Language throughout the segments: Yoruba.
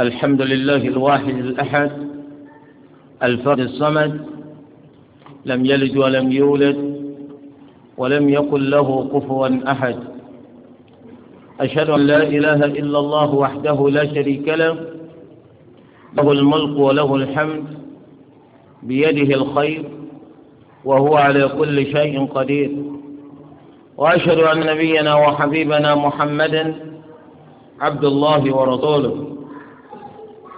الحمد لله الواحد الأحد الفرد الصمد لم يلد ولم يولد ولم يقل له كفوا أحد أشهد أن لا إله إلا الله وحده لا شريك له له الملك وله الحمد بيده الخير وهو على كل شيء قدير وأشهد أن نبينا وحبيبنا محمدًا عبد الله ورسوله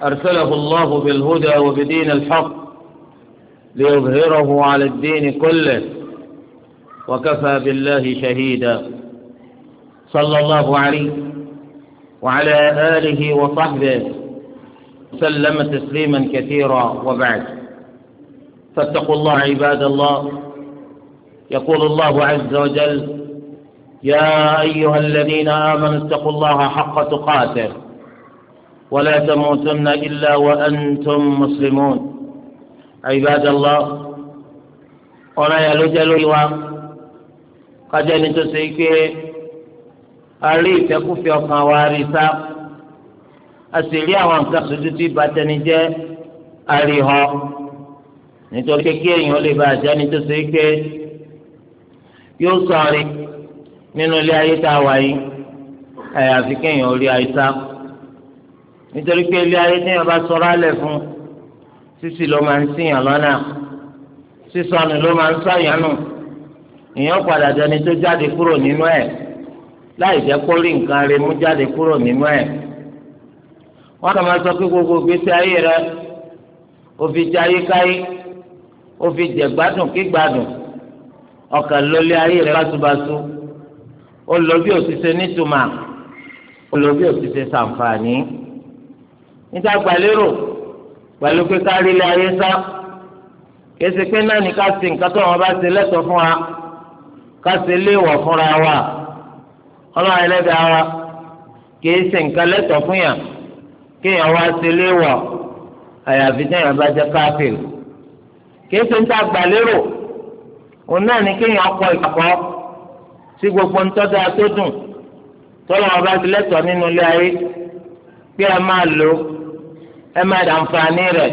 أرسله الله بالهدى وبدين الحق ليظهره على الدين كله وكفى بالله شهيدا صلى الله عليه وعلى آله وصحبه سلم تسليما كثيرا وبعد فاتقوا الله عباد الله يقول الله عز وجل يا أيها الذين آمنوا اتقوا الله حق تقاته ولا تموتن إلا وأنتم مسلمون عباد الله ولا يلجل الواقع قد نتسيكه أريد كفي وقوارثا أسيريا وانكسدتي باتنجة أريها نتوكي كيرين ولبا جاني تسيكه يوصاري nínú ilé ayé tá a wà yìí àyàfi kéèyàn orí àyíká nítorí pé ilé ayé téèyàn bá sọ̀rọ̀ alẹ̀ fún sísì ló máa ń ṣìyàn lọ́nà sísọnù ló máa ń sọ̀yàn nù èèyàn padà dẹni tó jáde kúrò nínú ẹ̀ láì jẹ́ kó rí nǹkan rẹ̀ mú jáde kúrò nínú ẹ̀ wọ́n kàn máa sọ pé gbogbo gbèsè ayé rẹ̀ ó fi jẹ ayékáyé ó fi jẹ gbádùn kí gbádùn ọkàn lólé ayé rẹ̀ báṣubàṣu. Olobi lọ bí òṣìṣẹ́ nítumà ó lọ bí òṣìṣẹ́ sàǹfààní níta gbàlérò pẹ̀lú pé kárí ilé ayé sá kése pé náà ní ká ṣe nǹkan tó wọn bá ṣe lẹ́tọ̀ọ́ fún wa ká ṣe léèwọ̀ fúnra wa ọlọ́run ẹlẹ́dàá wa kìí ṣe nǹkan fún yàn kéèyàn wá ṣe léèwọ̀ àyàfi téèyàn bá jẹ́ káfíìn kìí ṣe ń òun náà ní kéèyàn kọ ìkàkọ́ sí gbogbo ntọ́jà tó dùn tọ́lọ́ wọn bá ti lẹ́tọ̀ọ́ nínú ilé ayé pé ẹ máa lò ẹ máa dànfààní rẹ̀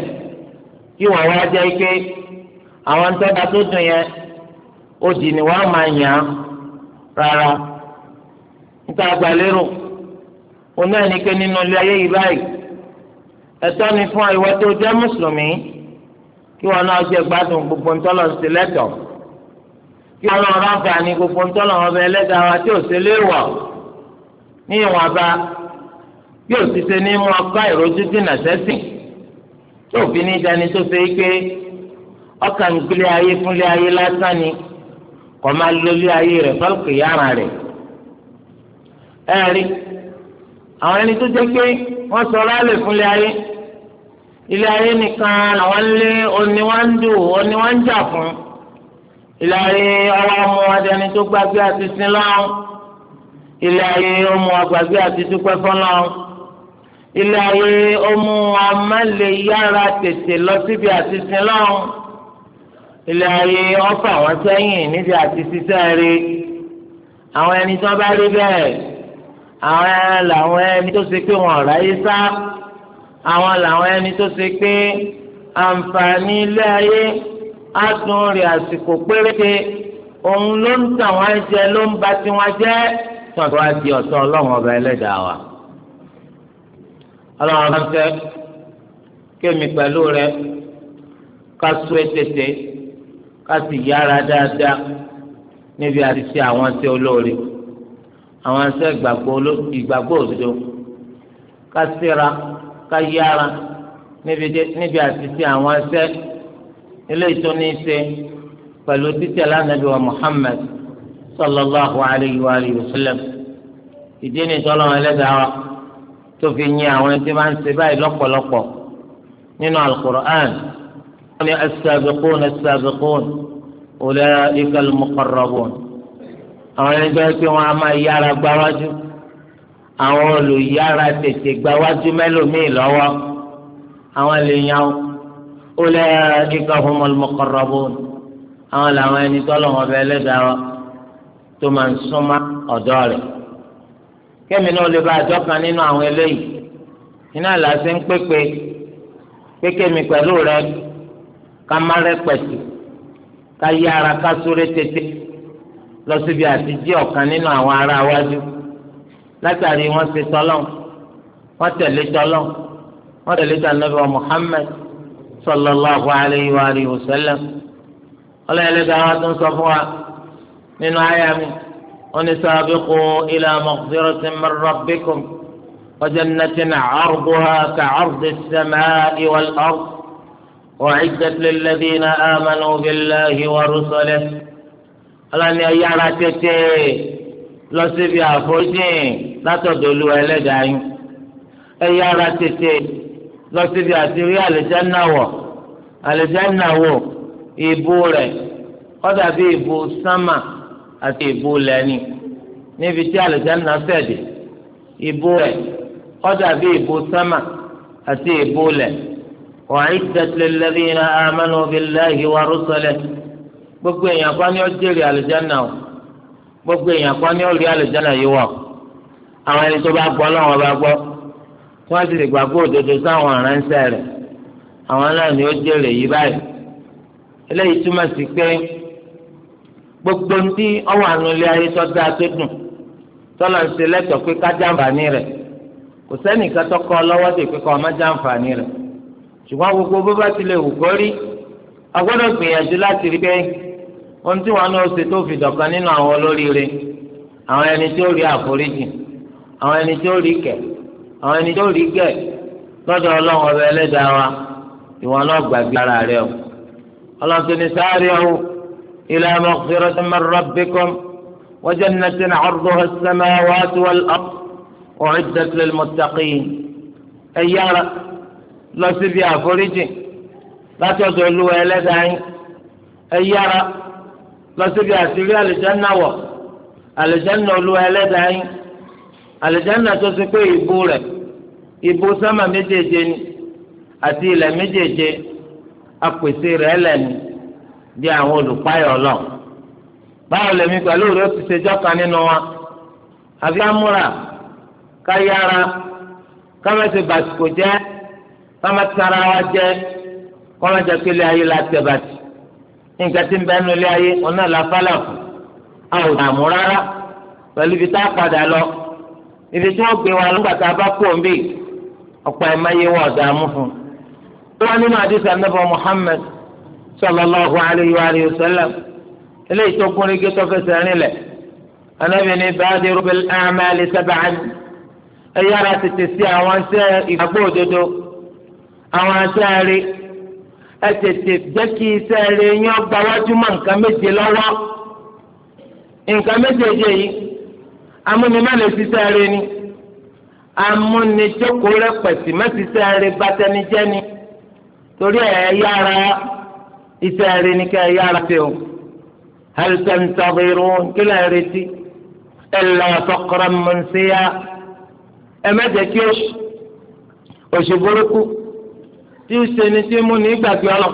kí wọ́n wá jẹ́ pé àwọn ntọ́jà tó dùn yẹn ó dì wọ́n á máa yàn án rárá níta àgbàlérò òun náà nínú ilé ayé yìí báyìí ẹ̀tọ́ ni fún ìwọ tó jẹ́ mùsùlùmí kí wọ́n náà jẹ gbádùn gbogbo ntọ́lọ́ sí lẹ́tọ̀ọ́. kí ọlọ́run ráńfà ní gbogbo ńtọ́lọ̀ ọmọ ẹlẹ́dàá wa tí ò ṣe ní ìwọ̀n bá bí ò ti ṣe ní mú ọkọ ìrójú dínà sẹ́sìn tí òfin ní dání tó ṣe pé ọkà gbélé ayé fúnlé máa lólé ilé ayé ọwọ́ ọmọ adẹni tó gbàgbé àti sin lọ́wọ́ ilé ayé ọmọ agbàgbé àti dúpẹ́ fọ́lọ́wọ́ ilé ayé ọmọ amálẹ̀ yára tètè lọ síbi àti sin lọ́wọ́ ilé ayé ọ̀fà wọn sẹ́yìn níbi àti ṣiṣẹ́ rí àwọn ẹni tó bá rí bẹ́ẹ̀ àwọn làwọn ẹni tó ṣe pé wọn ọ̀rá yé sá àwọn làwọn ẹni tó ṣe pé àǹfààní ilé ayé adùn rẹ̀ àsìkò péréte òun ló ń tàn wá jẹ ló ń ba tiwọn jẹ tọ̀tọ̀ wá di ọ̀tọ̀ ọlọ́run ọba ẹlẹ́dàá wa. ọlọ́run ọba ń fẹ́ kémi pẹ̀lú rẹ ká súré tètè ká sì yára dáadáa níbi àti ṣe àwọn ṣe olóore àwọn ṣe ìgbàgbọ́ òdodo ká síra ká yára níbi àti ṣe àwọn ṣe eléyìí tó ní í ṣe pẹ̀lú títẹ̀ lánàbí wa Muhammad sallallahu alayhi wa alayhi wa sallam ìdí ni tọ́lọ́mọ ẹlẹ́dàá wa tó fi yin àwọn ẹni tí máa ń ṣe báyìí lọ́pọ̀lọpọ̀ nínú alukur'an wọ́n ní as-sabiqun as-sabiqun ulaika àwọn ẹni tó ń wọn a máa yára gbáwájú àwọn olùyára tètè gbáwájú mẹ́lòmíì lọ́wọ́ àwọn lè yan o. ulaika humul muqarrabun àwọn làwọn ẹni tọ́lọ̀ wọn bẹ ẹlẹ́dàá wa tó máa ń súnmọ́ ọ̀dọ́ rẹ̀ kẹ́mi náà lè bá nínú àwọn eléyìí iná làásì ń ka lọ síbi àti nínú àwọn ará wájú látàrí ṣe sallallahu alayhi wa alihi wa sallam ọlọ́yẹ̀lẹ́dà wa tó ń sọ fún wa nínú àyà mi wọ́n ní sabiqu ila maghfiratin min rabbikum wa jannatin 'arduha ka'ardi as-sama'i wal-ard u'iddat lilladhina amanu billahi wa rusulihi ọlọ́ni ayára tètè lọ síbi àforíjì látọ̀dọ̀ Olúwa ẹlẹ́dàá yín ayára tètè. lọ síbi àti rí àlùjánnà wọ̀ àlùjánnà wọ̀ ìbú rẹ̀ kọ́dà bí ìbú sámà àti ìbú lẹ́ni níbi tí àlùjánnà fẹ̀dẹ̀ ìbú rẹ̀ kọ́dà bí ìbú sámà àti ìbú lẹ̀ wa'iddat lilladhina amanu billahi wa rusulihi gbogbo èèyàn kan ní ó jèrè àlùjánnà o gbogbo èèyàn kan ó rí àlùjánnà yìí wọ̀ àwọn ẹni tó bá gbọ́ lọ́wọ́ bá gbọ́. wọ́n sì lè gbàgbọ́ òdodo sáwọn aránṣẹ́ rẹ̀ àwọn náà ó jèrè yí báyìí eléyìí túmọ̀ sí pé gbogbo ntí ọwọ́ ànulẹ̀ ayé tó dùn tọ́lá ń lẹ́tọ̀ pé ká rẹ̀ kò lọ́wọ́ pé kọ́ ọ má rẹ̀ ṣùgbọ́n gbogbo bó bá wù a gbìyànjú láti rí pé ohun tí wọn náà ṣe tó fi dọ̀kan nínú àwọn olóríire àwọn ẹni rí àforíjì àwọn ẹni rí àwọn ẹni tó rí gẹ̀ lọ́dọ̀ ọlọ́run ọbẹ ẹlẹ́dàá wa ìwọ náà gbàgbé ara rẹ o ọlọ́run tó ní sáré o ilé ọmọ ọ̀sẹ̀rọ̀ tó máa rọ bí kọ kọ́m wọ́jà nàti ní ọ̀rọ̀ ọ̀sẹ̀mẹ̀ wá tó wà lọ́ ọ̀rẹ́ dẹ́kulẹ̀ mọ̀tàkì ẹ yára lọ síbi àforíjì láti ọ̀dọ̀ olúwa ẹlẹ́dàá yín ẹ yára lọ síbi àṣírí náà wọ̀ àlùjánnà olúwa ẹlẹ́dàá yín. àlùjáná tó ṣe pé ìbú rẹ̀ ìbú sámà méjèèje ni àti ilẹ̀ apèsè lẹ́nu bí àwọn olùpáyọ̀ lọ. báwo lèmi pẹ̀lú ti ṣe jọ́ka nínú wa àfi amúra káyára kámẹ́sì bàtìkò jẹ́ kámẹ́sàrà wa jẹ́ kọ́mẹ́jà pélé ayé la tẹ̀ bàtì nǹkan tí ń bẹ́ẹ̀ nulẹ̀ ayé ọ̀nà làfàlà fún àwọn àmúrárá pẹ̀lú ibi tí wọ́n gbé wa nígbà tá a bá kú òǹbí ọ̀pọ̀ ẹ̀ máa yé wọn ọ̀dààmú fún un. ó wá nínú àdìsí anábọ Muhammad sallallahu alayhi wa sallam eléyìí tó kún igi tó fẹsẹ̀ rinlẹ̀ anábì ní badiru bil a'mali sab'an ẹ yára tètè sí àwọn iṣẹ́ ìgbàgbọ́ òdodo àwọn iṣẹ́ rí ẹ tètè jẹ́ kí iṣẹ́ rí yín ọgbà mọ́ nǹkan méje lọ́wọ́ nǹkan méje yìí amúnimẹ́lẹ̀ sísẹ́ rẹ ni amúnijẹ́kọ̀ọ́ rẹ pẹ̀sì mẹ́sísẹ́ rẹ bàtẹ́nijẹ́ ni torí ẹ̀ yára iṣẹ́ rẹ ni kẹ́ ẹ yára tẹ o hal tantazirun kí lẹ́ retí illa faqran munsiya ẹ mẹ́jẹ̀ kí oṣù burúkú tí ó ṣe ni tí mú ní ìgbàgbé ọlọ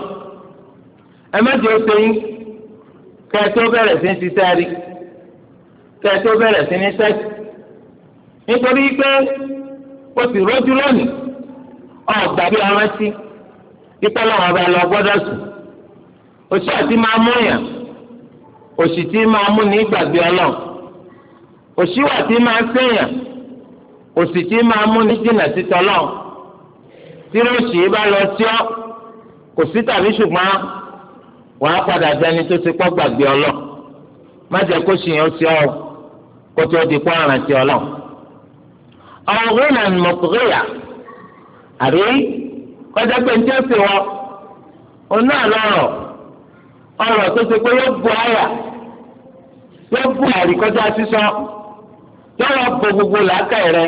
ẹ mẹ́jẹ̀ ó ṣe yín kẹ́ ẹ tó bẹ̀rẹ̀ sí ti sẹ́ẹ̀rì kẹtó bẹ̀rẹ̀ sí ní sẹ́ẹ̀tì nítorí pé o sì rọ́jú lónìí ọ̀gbà bí a rántí pípẹ́ lọ́wọ́ bá lọ gbọ́dọ̀ sùn òṣì àti máa mú yàn òṣì tí máa mú ní ìgbàgbé ọlọ́run òṣì wà tí máa sèyàn òṣì tí máa mú ní jìnnà títọ́ lọ́run tí lóṣì bá lọ sí kò sí tàbí ṣùgbọ́n wàá padà dání tó ti pọ́ gbàgbé ọlọ́run má jẹ́ kó ṣìyàn sí o kó tó di kó àrántí ọlọ́run. ọ̀rùn náà ni mo kúrò yà àbí kọjá pé ní tẹ́sí wọ oná lọ́rọ̀ ọ̀rọ̀ tó ti pé yóò bu àyà yóò bu àrí kọjá sísọ yọ̀rọ̀ bo gbogbo làákàyè rẹ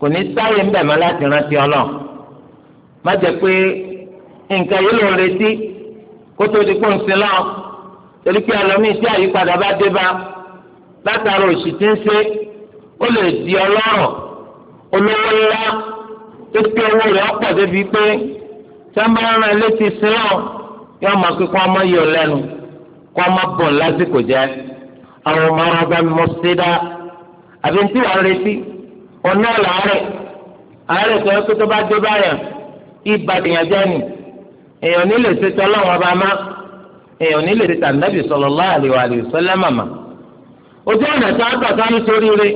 kò ní sáyé ń bẹ̀ mọ́ láti rántí ọlọ́run má jẹ́ pé nǹkan yìí ló ń retí kó tó di kó ń sin lọ́wọ́ torí pé àlọ́ mi àyípadà bá dé bá látara òṣì tí ń ṣe ó lè di ọlọ́rọ̀ olówó ńlá tó pé owó rẹ̀ ọ̀pọ̀ débi pé sábàárà létí sílọ̀ yóò máa pé kó ọmọ yọ lẹ́nu kó ọmọ bọ̀ lásìkò jẹ́ àwọn ọmọ ara bá mọ sí dá àbí tí wàá retí ọ̀nà làárẹ̀ àárẹ̀ tó yẹ kó tó bá dé báyà ibà tìyànjẹ́ ni èèyàn nílè ṣe tọ́lọ́wọ́n bá má èèyàn nílè ṣe tàǹdàbì sallallahu alaihi ojú ọ̀nà tá a tàtà ní sórí rẹ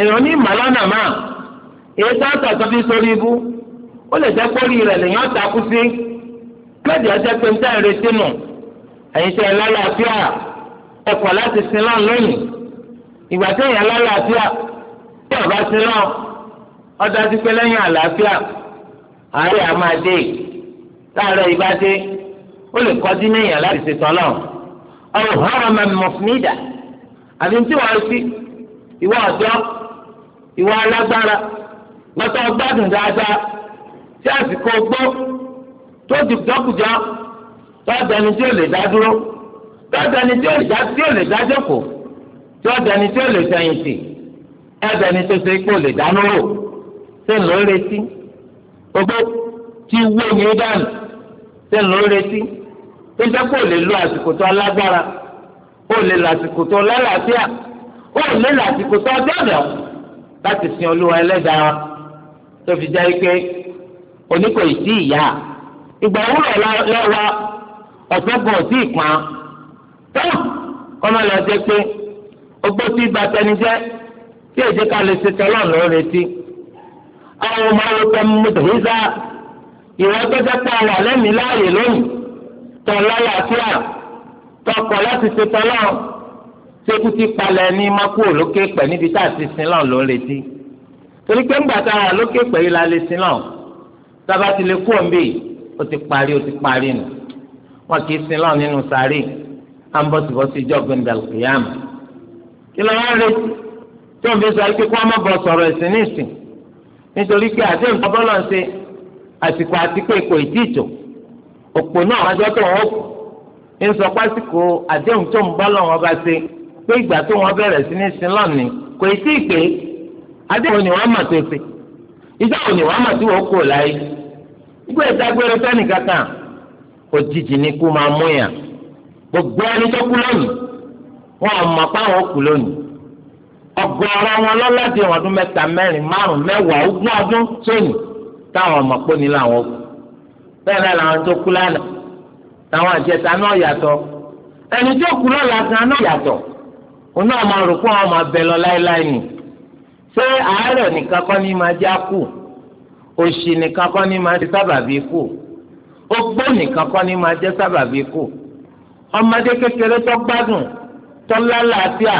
èèyàn ní ìmàlánà máa èyí tá a tàtà ní sórí ibú ó lè jẹ́ pọ́lì rẹ̀ lèyàn takú sí kéde ọjọ́ pé ń tẹ́ ìrètí nù ẹ̀yin tẹ́ ẹ lálàáfíà ẹ̀kọ́ láti sin lọ́n lónìí ìgbà tí èèyàn lálàáfíà tí ọ̀bá sin lọ́n ọdọ́ ti pé lẹ́yìn àlàáfíà àárẹ̀ á máa dé láàárọ̀ ìbá dé ó lè kọjú ní èèyàn láti ṣètọ́ lọ́n ọ̀rọ̀ hàn án máa mọ̀ fún mi dà àbí tí wàá sí ìwọ ọ̀dọ́ ìwọ alágbára lọ́tọ́ gbádùn dáadáa tí àsìkò gbọ́ tó di dọ́kùjọ́ tó dání tí ò lè dá dúró tó dání tí ò lè dá tí ò lè dá jókòó tó dání tí ò lè fẹ̀yìntì ẹ̀dání tó ṣe kó lè dáná rò ṣé ń retí gbogbo tí wó ni dànù ṣé ń retí tó ṣe kó lè lo àsìkò tó alágbára ó lè lásìkò tó lálàáfíà ó lè lásìkò tó dọ́dọ̀ láti sin olúwa ẹlẹ́dàá tó fi jẹ́ pé oníkò ìdí ìyá ìgbà òwúrọ̀ lọ́wọ́ ọ̀sọ́gun ò tí ì pa tó kọ́mọ lọ jẹ́ pé ogbó tí ìgbà tẹni jẹ́ tí èjì ká lè ṣe tọ́lọ́ ló retí àwọn ọmọ àwọn ọmọ mọ̀tòmísà ìwọ́n tó jẹ́ pé àwọn láàyè lónìí tọ́ lálàáfíà tọkọ láti ṣe tọ́lọ́ ṣékú ti palẹ̀ ní mọ́kú òlókè pẹ̀ níbi tá a ti sin lọ́n ló ń retí torí pé ńgbà tá a wà lókè pẹ̀ yìí la lè sin lọ́n sábà ti lè kú òǹbì ó ti parí ó ti parí nù wọn kì í sin lọ́n nínú sáré à ń bọ́ síbọ́ sí ìjọ gbẹndàlùkìyàmù kí ló wá retí tó ń fi sọ pé kó ọmọ bọ̀ sọ̀rọ̀ ẹ̀sìn nísìn nítorí pé àti nǹkan bọ́lọ̀ ṣe àsìkò àti pé kò ì òpò náà wájú ọtọ wọn kù ń sọ pásíkò àdéhùn tó ń bá lọ́wọ́ bá ṣe pé ìgbà tó wọn bẹ̀rẹ̀ sí ní sin lọ́ọ̀nì kò tí ì pé àdéhùn ni wọ́n mà tó ṣe ìjọ òun ni wọ́n mà tí wọ́n kò láyé ìgbà ìdágbére fẹ́ni kankan òjijì ni kú máa mú yàn gbogbo ẹni tó kú lónìí wọn ò mọ̀ pé àwọn kú lónìí ọ̀gọ̀ọ̀rọ̀ wọn lọ́lọ́dẹ ọdún mẹ́ta mẹ́rin márùn mẹ́wàá ogún ọdún tóní táwọn ọmọ pọ́ni làwọn kú bẹ́ẹ̀ náà làwọn tó kú lánàá táwọn àjẹta náà yàtọ̀ ẹni tó kú lọ́la kan náà yàtọ̀ òun náà máa rò pé àwọn máa bẹ lọ láéláé nì ṣé àárẹ̀ nìkan kọ́ ni máa já kù òṣì nìkan kọ́ ni máa jẹ sábàbí kù ogbó nìkan kọ́ ni máa jẹ sábàbí kù ọmọdé kékeré tó gbádùn tó lálàáfíà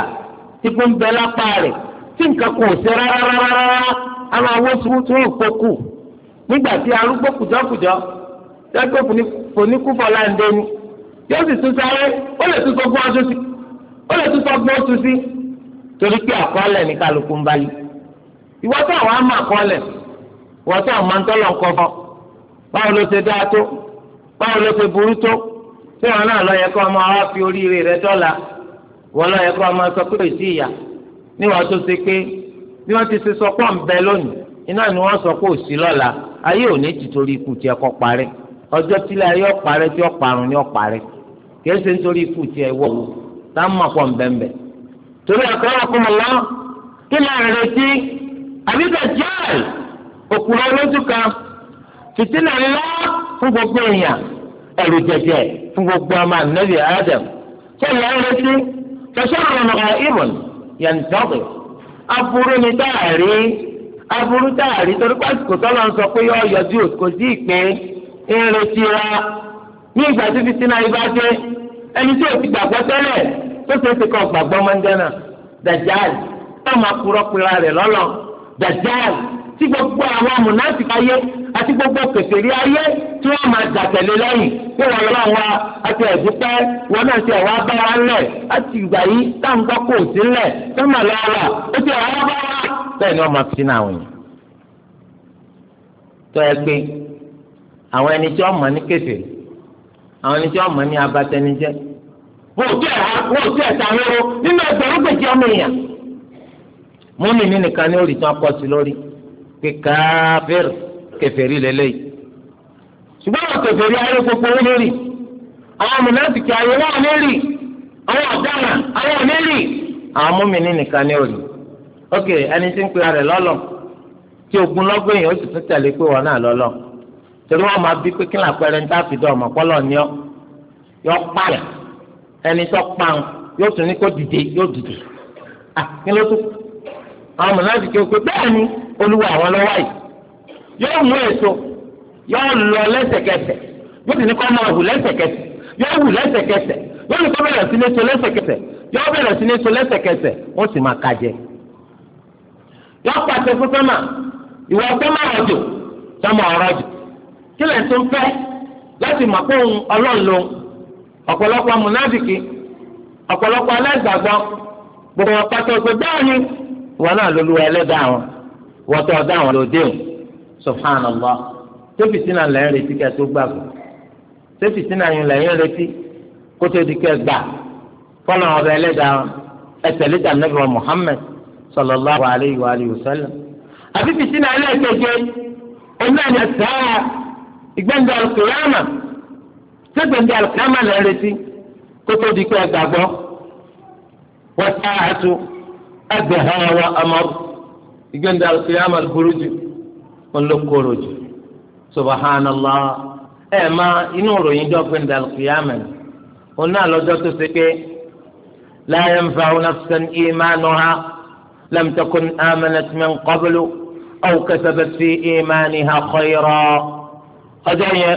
tí kò ń bẹ lápá rẹ̀ tí nǹkan kò ṣe rárá rárá rárá àwọn awó tuntun ò pokù nígbà tí arúgbó kùjọ́kùjọ́ dẹ́gbẹ́ fòníkú fọláǹdé ni yóò sì tún sáré ó lè tún sọgbọ́n ọdún sí ó lè tún sọgbọ́n ọdún sí torí pé àkọọ́lẹ̀ ní kálukú ń báyìí ìwọ́tọ̀ àwọn àmọ́ àkọọ́lẹ̀ ìwọ́tọ̀ àwọn báwo ló ṣe tó báwo ló ṣe tó wọn náà lọ yẹ kó fi oríire rẹ dọ́là wọn lọ yẹ kó ọmọ sọ pé èsì ìyà níwọ̀n tó ṣe pé bí wọ́n ti ṣe sọ ni ayé òní ti torí ikú ọjọ́ tílé ayé ọ̀parẹ́ tí ọ̀parun ni ọ̀parẹ́ kìí ṣe nítorí ikú tí ẹ wọ̀ wò tá ń mọ̀ pọ̀ nbẹ̀nbẹ̀. torí ẹ̀kọ́ ọkùnrin mọ̀ lọ kí ni àrètí àbíkẹ́ jẹ́ẹ̀ òkúrọ̀ olójú kan fìtínà ńlá fún gbogbo èèyàn ẹ̀rù jẹjẹ fún gbogbo ọmọ ànábì adam sọ̀rọ̀ àrètí fẹsọ̀rọ̀ ọ̀nà ìmọ̀n yẹntọ́gbẹ̀ aburú ni dáàrí aburú dáàrí torí pásítọ̀ ìrètí wa ní ìgbà tí fitinà yìí bá dé ẹni tí o ti gbàgbọ́ tẹ́lẹ̀ tó ṣe é ti kọ́ gbàgbọ́ mọ́ndánà dajal tó máa kúrọ́ pera rẹ̀ lọ́lọ́ tí gbogbo àwọn amúnáfíà ayé àti gbogbo kẹsìrì ayé tí wọ́n máa dàtẹ̀lé lẹ́yìn wọ́n wa àti ẹ̀dúpẹ́ wọn náà ti ẹ̀wá bá wa lẹ̀ àti ìgbà yìí sí lẹ̀ ó ti ẹ̀wá bá wa. bẹ́ẹ̀ ni wọ́n àwọn ẹni tí wọ́n mọ̀ ní kèfèrí àwọn ẹni tí wọ́n mọ̀ ní abatẹnijẹ́ wọ́n ò tí ẹ̀ wọ́n ò tí ẹ̀ sàrúrú nínú ẹgbẹ̀rún gbèjì ọmọ èèyàn múmi ní nìkan ní orí tí wọ́n kọ́ sí lórí pé káfíìr kèfèrí lélẹ́yìí ṣùgbọ́n àwọn kèfèrí ayé gbogbo wọn lórí àwọn mùnàfíkì ayé wọn lórí àwọn ọ̀daràn àwọn lórí àwọn múmi ní nìkan ní orí ok ẹni tí ń pe ara rẹ̀ lọ́lọ́ tí ogun lọ́gbẹ̀yìn ó sì tún tẹ̀lé pé wọn náà lọ́lọ́ torí wọn máa bí pé kí làpẹrẹ ń tàbí dọ̀ ọmọ kọ́lọ̀ ni ọ yọ pààyà ẹni tó pààrùn yóò tún ní kó dìde yóò dìde à kí ló tún àwọn mọ̀nàdì kí o pé bẹ́ẹ̀ ni olúwa àwọn lọ́wọ́ yìí yóò mú èso yóò lọ lẹ́sẹ̀kẹsẹ̀ yóò tún ní kó máa hù lẹ́sẹ̀kẹsẹ̀ yóò hù lẹ́sẹ̀kẹsẹ̀ yóò ní kó bẹ̀rẹ̀ sí ní so lẹ́sẹ̀kẹsẹ̀ yóò bẹ̀rẹ̀ sí ní so lẹ́sẹ̀kẹsẹ̀ wọ́n sì máa kájẹ. yóò pàṣẹ fún sọ́mà ìwọ sọ́mà ọ̀jọ̀ sọ́mà ọ̀rọ̀ ọ̀jọ̀ kí lẹ́yìn tó ń fẹ́ láti mọ̀ pé òun ọlọ́run ọ̀pọ̀lọpọ̀ amúnábìkì ọ̀pọ̀lọpọ̀ gbogbo wọn pátá ọgbẹ́ bẹ́ẹ̀ ni wọn náà ló luwa ẹlẹ́dàá wọn wọ́n tó ọ̀dá àwọn lòdì òun subhanallah tẹ́fì sínú àlẹ́ ń retí kẹ́ẹ́ tó gbàgbọ́ tẹ́fì sínú àyùn lẹ́yìn retí kó tó di kẹ́ẹ́ gbà fọ́nà ọ̀bẹ ẹlẹ́dàá wọn ẹ̀tẹ̀lé dànẹ́bí ìgbẹ́ndé alùpùpù sẹ́gbẹ̀ndé alùpùpù lẹ́ ń retí kótó di pé ẹgbàgbọ́ wọ́n ti àtú ẹgbẹ̀ hàn wá amọ́rù ìgbẹ́ndé alùpùpù burú jù wọn ló kóró jù subhanallah ẹ̀ máa inú ìròyìn dọ́gbẹ́ndé alùpùpù òun náà lọ́jọ́ tó ṣe pé la yanfa'u nafsan imanuha lam takun amanat min qablu aw ọjọ́ yẹn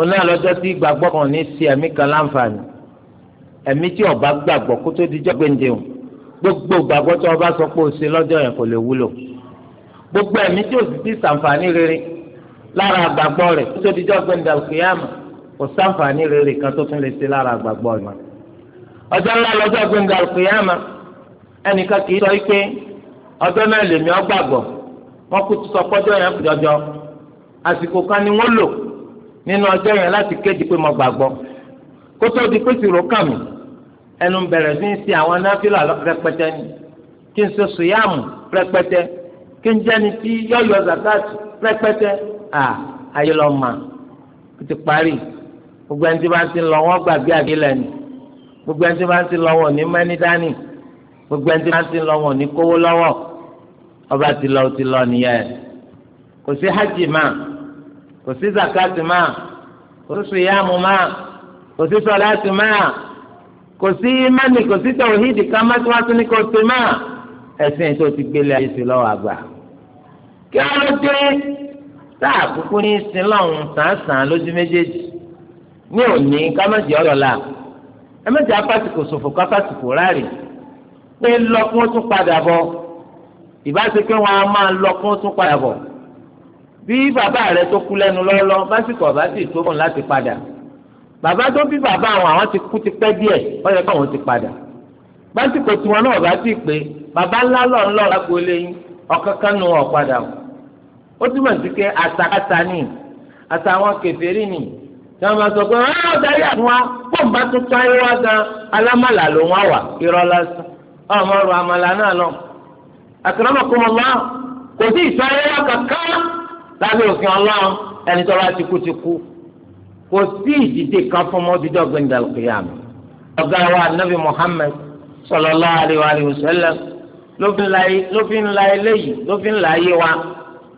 onáà lọ́jọ́ tí gbàgbọ́ kan ní sí ẹ̀mí kan láǹfààní ọba gbàgbọ́ kó tó dijọ́ gbẹ̀ǹde gbogbo gbàgbọ́ tí ọba sọ pé o yẹn kò gbogbo emiti tí o ti sàǹfààní rere lára àgbàgbọ́ rẹ̀ kó tó dijọ́ gbẹ̀ǹde kò sàǹfààní rere kan tó tún lè ṣe lára ńlá ẹnìkan kì í sọ pé náà lèmi àsìkò kan ni wọ́n lò nínú ọjọ́ yẹn láti kéde pé mo gbàgbọ́ kótó di pé tìrò kàn mí ẹnu bẹ̀rẹ̀ sí ń ṣe àwọn anáfíà rẹpẹtẹ ni kí n ṣe sùyàmù rẹpẹtẹ kí n jẹ́ni tí yọ̀yọ̀ zakat rẹpẹtẹ à ayé lọ mà ó ti parí gbogbo ẹni tí bá ti lọ wọ́n gbàgbé àgélẹ̀ ni gbogbo ẹni tí bá ti lọ wọ́n ní mẹ́ni gbogbo ẹni tí bá ti lọ wọ́n ní kówó lọ́wọ́ ọba ti lọ ti lọ nìyẹn kò sí hajj máa kò sí zakati máa kò sí suyamu máa kò sí sọláàtì máa kò sí imani kò sí tawhidi ká má tí wọ́n tún ní kò sí máa ẹ̀sìn tó ti gbélé ayé sí lọ́wọ́ àgbà. kí wọ́n ló dé tá àkókò ní sinlọ́hún sàn-án lójú méjèèjì ní òní ká má jẹ́ ọ̀rọ̀ la ẹ má jẹ́ apásìkò ṣòfò ká pásìkò ráàrì pé lọ́kùn tún padà bọ̀ ìbáṣepẹ́ wọn a máa lọ́kùn tún padà bọ̀. bí bàbá rẹ tó kú bá sì kọ ọ̀bá sì tó fún láti padà bàbá tó bí bàbá àwọn àwọn ti kú ti pẹ́ díẹ̀ ó yẹ káwọn ti padà básìkò tiwọn ọ̀bá sì pé bàbá ńlá lọ ńlọ lágbóolé yín o ó sí pé àtàkàtà ni ni tí wọn náà lọ kò sí ìtàn lábẹ́ òfin ọlọ́run ẹni tó bá ti kú ti kú kò sí ìdìde kan fún mọ́bídọ́ gbẹ̀ndàlùkìyàmù. ọ̀gá wa nabi muhammed sallallahu alaihi wa sallam ló fi ń la eléyìí ló fi ń la ayé wa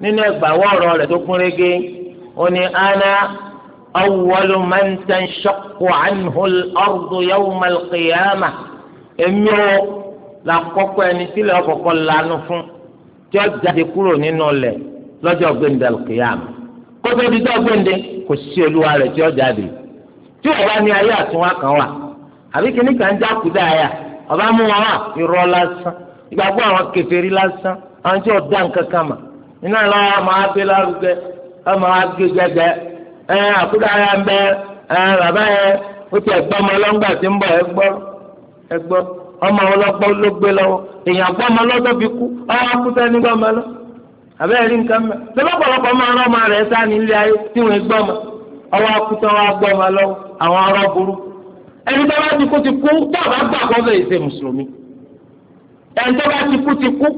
nínú ẹgbàáwọ̀ ọ̀rọ̀ rẹ̀ tó kún régé ó ní ana awwalu man tanshaqqu anhu al-ardu yawma èmi ò la ẹni tí lè ọkọ̀ọ̀kọ̀ lanu fún tí ó jáde kúrò nínú ọ̀lẹ̀ lọ́jọ́ gbẹ̀ndẹ̀ alùkìyàmù kótó ibi tó gbẹ̀ndẹ̀ kò sí olúwa rẹ̀ tí ó jáde tí ọba ní ayé àtúnwá kan wà àbí kìnnì kan já kúdà yà ọba mú wọn wà irọ́ lásán ìgbàgbọ́ àwọn kèfèrí lásán àwọn tí nǹkan kan mà lárugẹ agé gẹgẹ ẹ àkúdà yà ń bẹ ẹ bàbá yẹ ó ti ọmọ tí ń bọ̀ ọmọ ọlọ́gbọ́ ló gbé lọ́wọ́ èèyàn gbọ́ abẹ́rẹ́ rí nǹkan mẹ́ lọ́pọ̀lọpọ̀ máa rán ọmọ rẹ̀ sá ní ilé ayé tí wọ́n gbọ́ ọmọ ọwọ́ akutọ́ wa gbọ́ ọmọ lọ́wọ́ àwọn ọ̀rọ̀ burú ẹni tó bá ti kú ti kú tó àbá gbà kó fèrè ṣe mùsùlùmí ẹni tó bá ti kú ti kú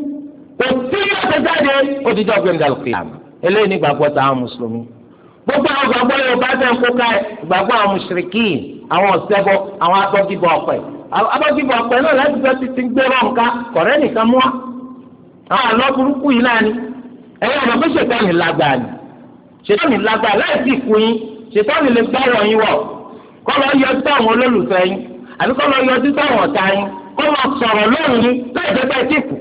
kò sí ọ̀sẹ̀ jáde odidi ọ̀gbìn dàlùkìyàm eléyìí ní gbàgbọ́ tá àwọn mùsùlùmí gbogbo àwọn gbàgbọ́ yorùbá tẹ̀ kó ká gbàgbọ́ àwọn mùsùlùmí àwọn ọ̀sẹ́bọ àwọn abọ́gibọ̀ ọ̀pẹ abọ́gibọ̀ ọ̀pẹ náà láti fẹ́ ti ti gbé rọ̀ǹkà kọ̀rẹ́ nìkan mú wa àwọn àlọ́ burúkú yìí náà ni ẹ̀yin ọ̀nà pé ṣètọ́ni lágbàá ni ṣètọ́ni lágbàá láì sì kú yín ṣètọ́ni lè gbọ́rọ̀ yín wọ̀ kọ́ lọ yọ sí àwọn olólùfẹ́ yín àbí kọ́ lọ yọ sí àwọn ọ̀tá yín kọ́ lọ sọ̀rọ̀ lóhùn yín láì jẹ́ pé ẹ ti kù.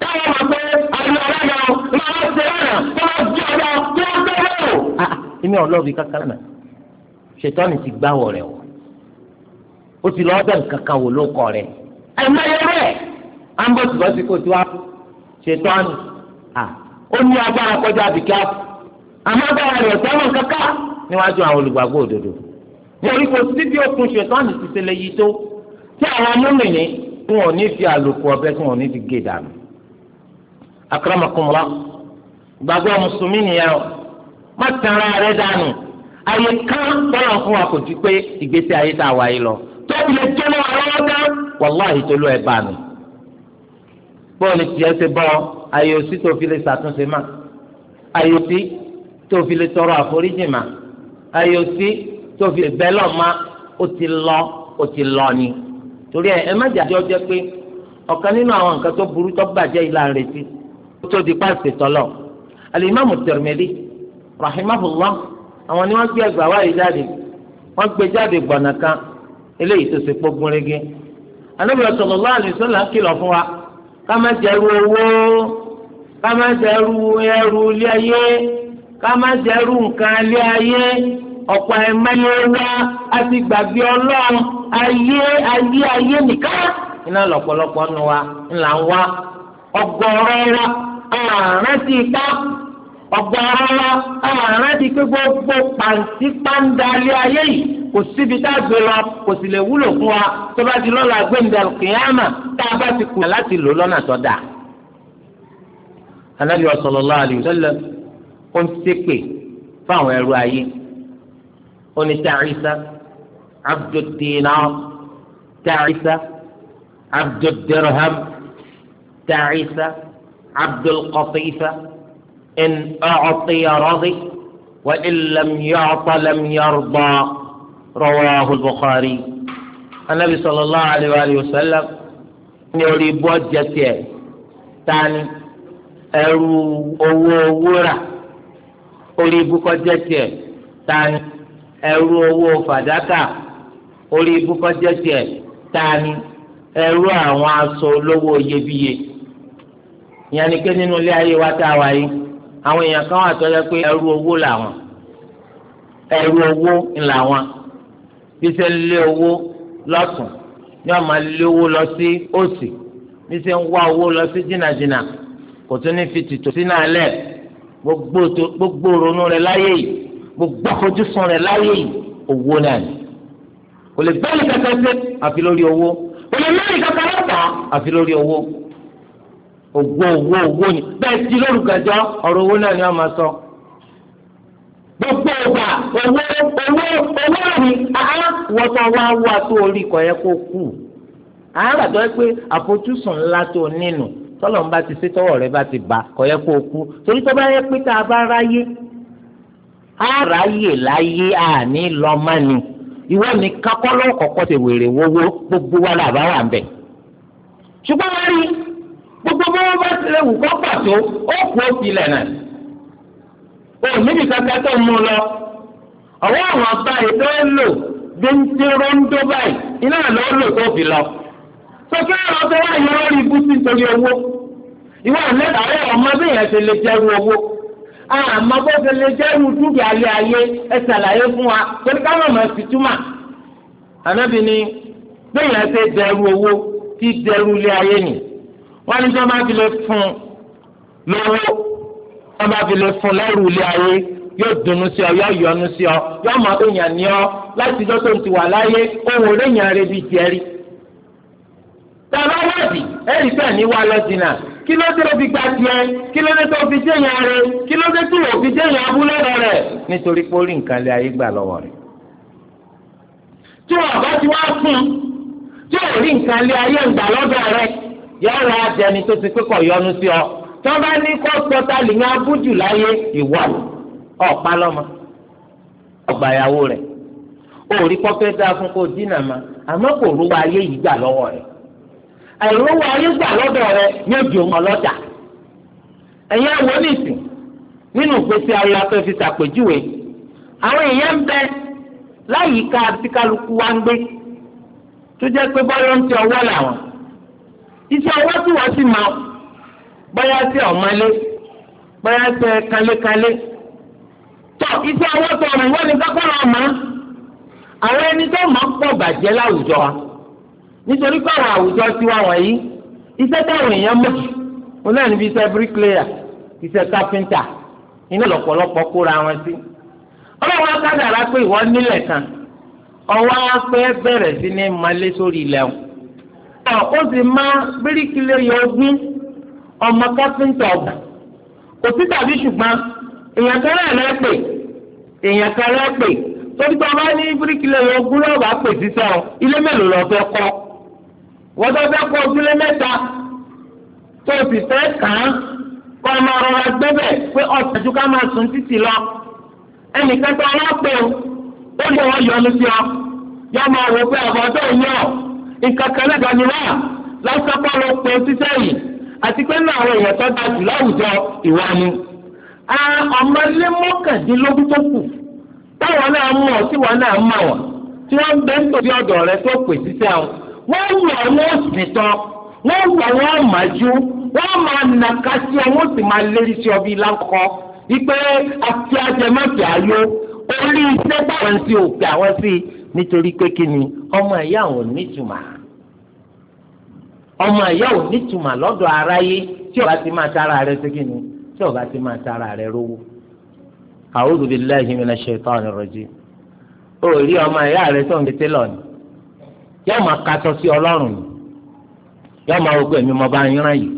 táwọn ọmọ pé àwọn ọlọ́yà máa ń ṣe lọ́nà tó máa jẹ́ ọ̀dọ́ tó ń bẹ̀rẹ̀ o. èmi ọlọ́ọ̀bì kankan náà ṣètọ́ni ti gbáwọ̀ rẹ̀ wọ̀ ó ti lọ́ọ́ bẹ̀rẹ̀ kankan wò ló kọ rẹ̀. ẹ̀ máa yẹ bẹ́ẹ̀ ambos bọ́sí kò tó a ṣètọ́ni ó ní agbára kọjá àbíkẹ́ àpò àmọ́ agbára rẹ̀ sẹ́wọ̀n kankan níwájú àwọn olùgbàgbọ́ òdodo nítorí kò sí bí okùn ṣètọ́nù ti ṣẹlẹ̀ yìí tó tí àwọn amúnìní wọn ò ní fi àlòkù ọbẹ̀ tí wọn ò ní fi gé dànù. akramakumullah gbàgbọ́ mùsùlùmí nìyẹn o má tẹ̀ra rẹ dànù àyè kan tọ́lọ̀ fún wa kò ju pé ìgbésí ayé tá a wáyé lọ tóbi lè jẹ́ lọ́wọ́ àyòsí tó fi lè ṣàtúnṣe mà àyòsí tó fi lè tọrọ àforíjì mà àyòsí tó fi lè bẹ́ẹ̀ lọ́ọ̀ ma ó ti lọ ó ti lọ ni torí ẹ ẹ má jà jọ jẹ pé ọ̀kan nínú àwọn nǹkan tó burú tó bàjẹ́ yìí là ń retí ó tó di pàṣẹ tọ́lọ̀ alimami Tirmidhi rahimahullah àwọn ni wọ́n gbé ẹgbàá wáyé jáde wọ́n gbé jáde gbọ̀nà kan eléyìí tó ṣe pọ́ gúnrégé anábìyà sallallahu alaihi wasallam kìlọ̀ fún wa ká má jẹ irú owó ká má dẹrù ẹrù ilé ayé ká má dẹrù nǹkan ilé ayé ọ̀pọ̀ ẹ̀mẹ́lẹ́ wá a ti gbàgbé ọlọ́run ayé ayé ayé nìkan iná lọ̀pọ̀lọpọ̀ nù wa ńlá ń wá ọgọ́rọ́ wa àrántí ọgọ́rọ́ wa pé gbogbo pàǹtí pàǹdà ilé ayé yìí kò síbi tá a gbé lọ kò sì lè wúlò fún wa tó bá ti lọ́la gbẹ̀ǹdà kìíyàmà tá a bá ti kùnà láti lò lọ́nà anabi sallallahu alayhi wa sallam ó ń ṣépè fáwọn ẹrú ayé ó ní ta'isa abdud dinar ta'isa abdud dirham ẹn abdul qatifa in a'tiya radi wa in lam yu'ta lam yarda rawahu al-bukhari anabi sallallahu alayhi wa sallam ní orí bọ́ọ̀jẹ̀ tiẹ̀ tani. ẹrú owó wúrà orí ibùkọ́ jẹ́ tiẹ̀ tani ẹrú owó fàdákà orí ibùkọ́ jẹ́ tiẹ̀ tani ẹrú àwọn aṣọ olówó iyebíye ìyẹn ni pé nínú ilé ayé wa tá a wà yìí àwọn èèyàn kan wà tó yẹ pé ẹrú owó làwọn ẹrú owó làwọn bí lé owó lọ́tún ni wọ́n máa lé owó lọ sí òsì bí ṣe ń wá owó lọ sí jìnnàjìnnà kò tún ní fi tìtò sínú alẹ́ gbogbo ronú rẹ̀ láyé yìí gbogbo àfojúsùn rẹ̀ láyé yìí owó náà ni kò lè bẹ́ẹ̀ ní kankan sí àfi lórí owó kò lè mẹ́rin kankan lọ́tà àfi lórí owó owó owó owó ni bẹ́ẹ̀ ti lórúkẹjọ ọ̀rọ̀ owó náà ni wọ́n máa sọ. So gbogbo ọgbà owó owó owó mi àá wọ́tọ̀ wá wá tó orí kọ̀ yẹ kó kù àá gbàgbọ́ pé àfojúsùn ńlá tó nínú tọ́lọ̀ ń bá ti ṣe tọ́wọ́ rẹ bá ti bà kọ́ yẹ kó o kú torí tó bá yẹ pé tá a bá ráyé á ráyè láyé àní lọ́mọ́ni ìwọ ni kakọ́lọ́ kọ̀kọ́ ti wèrè wọ́wọ́ gbogbo wa làbá wà ń bẹ̀. ṣùgbọ́n wọ́n rí gbogbo bó wọ́n bá tilẹ̀ wù kọ́ pàtó ó kú ó filẹ̀ náà. o níbi kankan tó mú lọ ọ̀wọ́ àwọn báyìí tó ń lò bí rọ́ńdó báyìí iná ló lò tó fi lọ sọfẹ́ ọ̀sẹ̀ wà yọ ọ́ rí bùsí nítorí owó ìwọ àmẹ́ta rẹ̀ ọmọ bí yẹn ti lè jẹ́rú owó àmọ́ bó ti lè jẹ́rú dúkìá alẹ́ ayé ẹ ṣàlàyé fún wa torí ká mọ̀mọ́ sí túmọ̀ ànábì ni bí yẹn ti dẹrú owó ti dẹrú ilé ayé nì wọ́n ní sọ́mọ́ fi lè fún lówó sọ́mọ́ fi lè fún lẹ́rù ilé ayé yóò dùnnú sí ọ yóò yọ́nú sí ọ yóò mọ èèyàn ní ọ láti dọ́tò ti wà láyé ohun òréyìn rẹ bíi jẹ́rìí. tàbá wọ́ọ̀dì ẹ̀rí pẹ̀ ní wa lọ dìnnà kí ló dé gba fi kí ló dé tó abúlé nítorí pé ó rí nǹkan lé ayé gbà lọ́wọ́ rẹ̀. tí ti wá fún tí ò rí nǹkan ayé ń gbà lọ́dọ̀ tó ti yọnu sí ọ tó bá ní kó sọta lìyàn abújù láyé ìwà ọ̀pá lọ́mọ ọgbàyàwó rẹ̀ ó rí kọ́fẹ́ fún kó dínà ma àmọ́ kò ayé àìrówó ayé gbà lọ́dọ̀ rẹ yóò di òun ọlọ́jà ẹ̀yin àwọn onísìn nínú ìpèsè ayé afẹ́fi ṣàpèjúwe àwọn èèyàn ń bẹ láyìíká tí kálukú wa ń gbé tó jẹ́ pé bọ́lá ń tẹ ọwọ́ làwọn iṣẹ́ ọwọ́ tí wọ́n sì sí ọ̀mọ́lé sí kálékálé tọ́ iṣẹ́ ọwọ́ tó ọ̀rùn wọ́n àwọn ẹni nítorí pé àwọn àwùjọ tiwa wọ̀nyí iṣẹ́ táwọn èèyàn mọ̀ jù wọn náà níbi iṣẹ́ bíríkìlẹ́yà iṣẹ́ káfíńtà iná lọ́pọ̀lọpọ̀ kóra wọn sí. ọlọ́wọ́ akádàrá pé ìwọ nílẹ̀ kan ọwọ́ apẹ́ bẹ̀rẹ̀ sí ní malé sórí ilẹ̀ wọn. ó sì máa bíríkìlẹ́yà ogún ọmọ káfíńtà ọ̀gbà kò sí tàbí ṣùgbọ́n èèyàn kan náà lẹ́pẹ̀ èèyàn kan lẹ́pẹ̀ torí pé ọba ní bíríkìlẹ́yà ogún lọ́ọ́ wọ́n tó fẹ́ kọ́ ojúlé mẹ́ta tó o sì fẹ́ kàn án kọ́ rọra gbẹ́bẹ̀ pé ọ̀sẹ̀ ju lọ ẹnìkan tó o ó lè wọ́n yọ ọ́nù sí ọ yọ máa wò pé nǹkan kan ni pe títẹ̀ yìí àti pé náà àwọn èèyàn tó da jù láwùjọ ìwà ni. ọmọ ilé mọ́kàndínlógún tó kù táwọn náà mọ̀ tí náà mọ̀ wọ́n tí wọ́n ń ọ̀dọ̀ wọ́n wù àwọn òsìtọ́ wọ́n wù àwọn àmàjú wọ́n máa nàka sí ọ wọ́n sì máa lérí sí ọ bíi ipe àti ajẹmọ́tì ayó orí iṣẹ́ báwọn sí òkè àwọn sí nítorí pé kí ni ọmọ ẹ̀yà ò nítumọ̀ ọmọ ẹ̀yà ò nítumọ̀ lọ́dọ̀ aráyé tí ọba ti máa tara rẹ sí kí ni tí ọba ti máa tara rẹ rówó. A'udhu billahi minash shaitani rajim. o rí ọmọ ẹ̀yà rẹ tó ń gbé tẹ́lọ̀ ni yóò máa kaṣọ sí ọlọ́run ni yóò máa wọ́pẹ́ mi mo bá yín rán yìí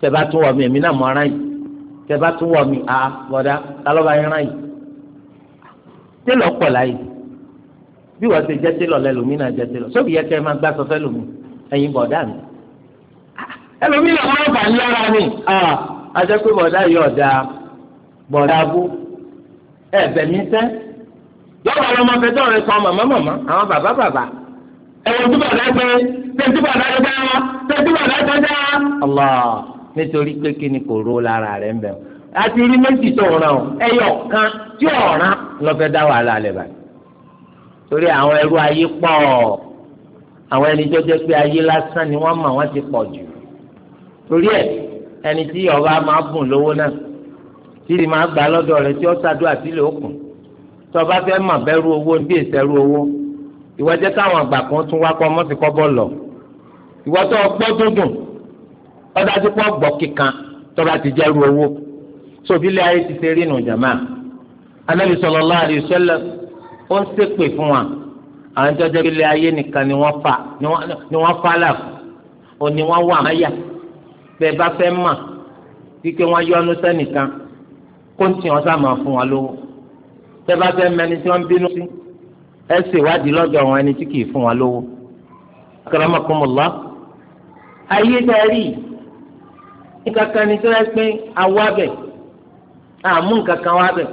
tẹ bá tún wọ̀ mí èmi náà mo rán yìí tẹ bá tún wọ̀ mí a ah, bọ̀dá ta ló bá yín rán yìí télọ̀ pọ̀ láyé bí wọ́n ṣe jẹ́ télọ̀ lẹ́lòmí náà jẹ́ télọ̀ sóbì yẹ kẹ́ ẹ máa gbàsọ fẹ́ lòmí ẹ̀yin bọ̀dá mi ẹlòmí náà wọ́n bà ní ara mi àjẹ́ ah, pé bọ̀dá yìí ọ̀dà bọ̀dá bú ẹ̀bẹ̀ mi sẹ́ yọ̀ọ́ bàbá ọmọ fẹ́ tọ́ rẹ sọ ẹ̀wọ̀n tí bàdá gbé tẹ̀sí bàdá gbé wọn tẹ̀sí bàdá gbé dá. ọlọ nítorí pé kí ni kò ró lára rẹ̀ ń bẹ̀ wọn àti rí méjì tó ràn ọ ẹyọ kan tí ọ̀ràn lọ fẹ́ dá wàhálà lẹ̀ báyìí torí àwọn ẹrú ayé pọ̀ àwọn ẹni tó jẹ́ pé ayé lásán ni wọ́n mọ̀ wọ́n ti pọ̀ jù torí ẹ̀ ẹni tí ọba máa bùn lówó náà tí ì máa gbà lọ́dọ̀ rẹ̀ tí ó ṣàdúrà sílẹ̀ òkun tọba fẹ́ mọ̀ bẹ́rù owó bí èsẹ̀rù owó ìwọ jẹ́ káwọn àgbà kan tún wá kọ́ mọ́sí kọ́ bọ́ọ̀lù lọ ìwọ tó gbọ́ tó dùn ọ̀dájú pọ̀ gbọ́ kíkan tọ́ba ti jẹ́rú owó sóbílẹ̀ ayé ti ṣe rí nù jàmá Ànábì sallallahu alaihi wasallam ó ń ṣépè fún wa àwọn jọjọ ilé ayé nìkan ni wọ́n fa ni wọ́n fa là ó ní wọ́n wà máyà bẹ́ẹ̀ bá fẹ́ mà kíkẹ́ wọ́n yọnu sẹ́nìkan kó ń tì wọ́n sá máa fún wa lówó bẹ́ẹ̀ bá fẹ́ mẹni tí wọ́n bínú sí ẹ ṣe ìwádìí lọ́dọ̀ àwọn ẹni tí kì í fún wa lówó akaramakumullah ayé darí nǹkankan ni tó yẹ pé awọ abẹ àmú nǹkankan wá bẹ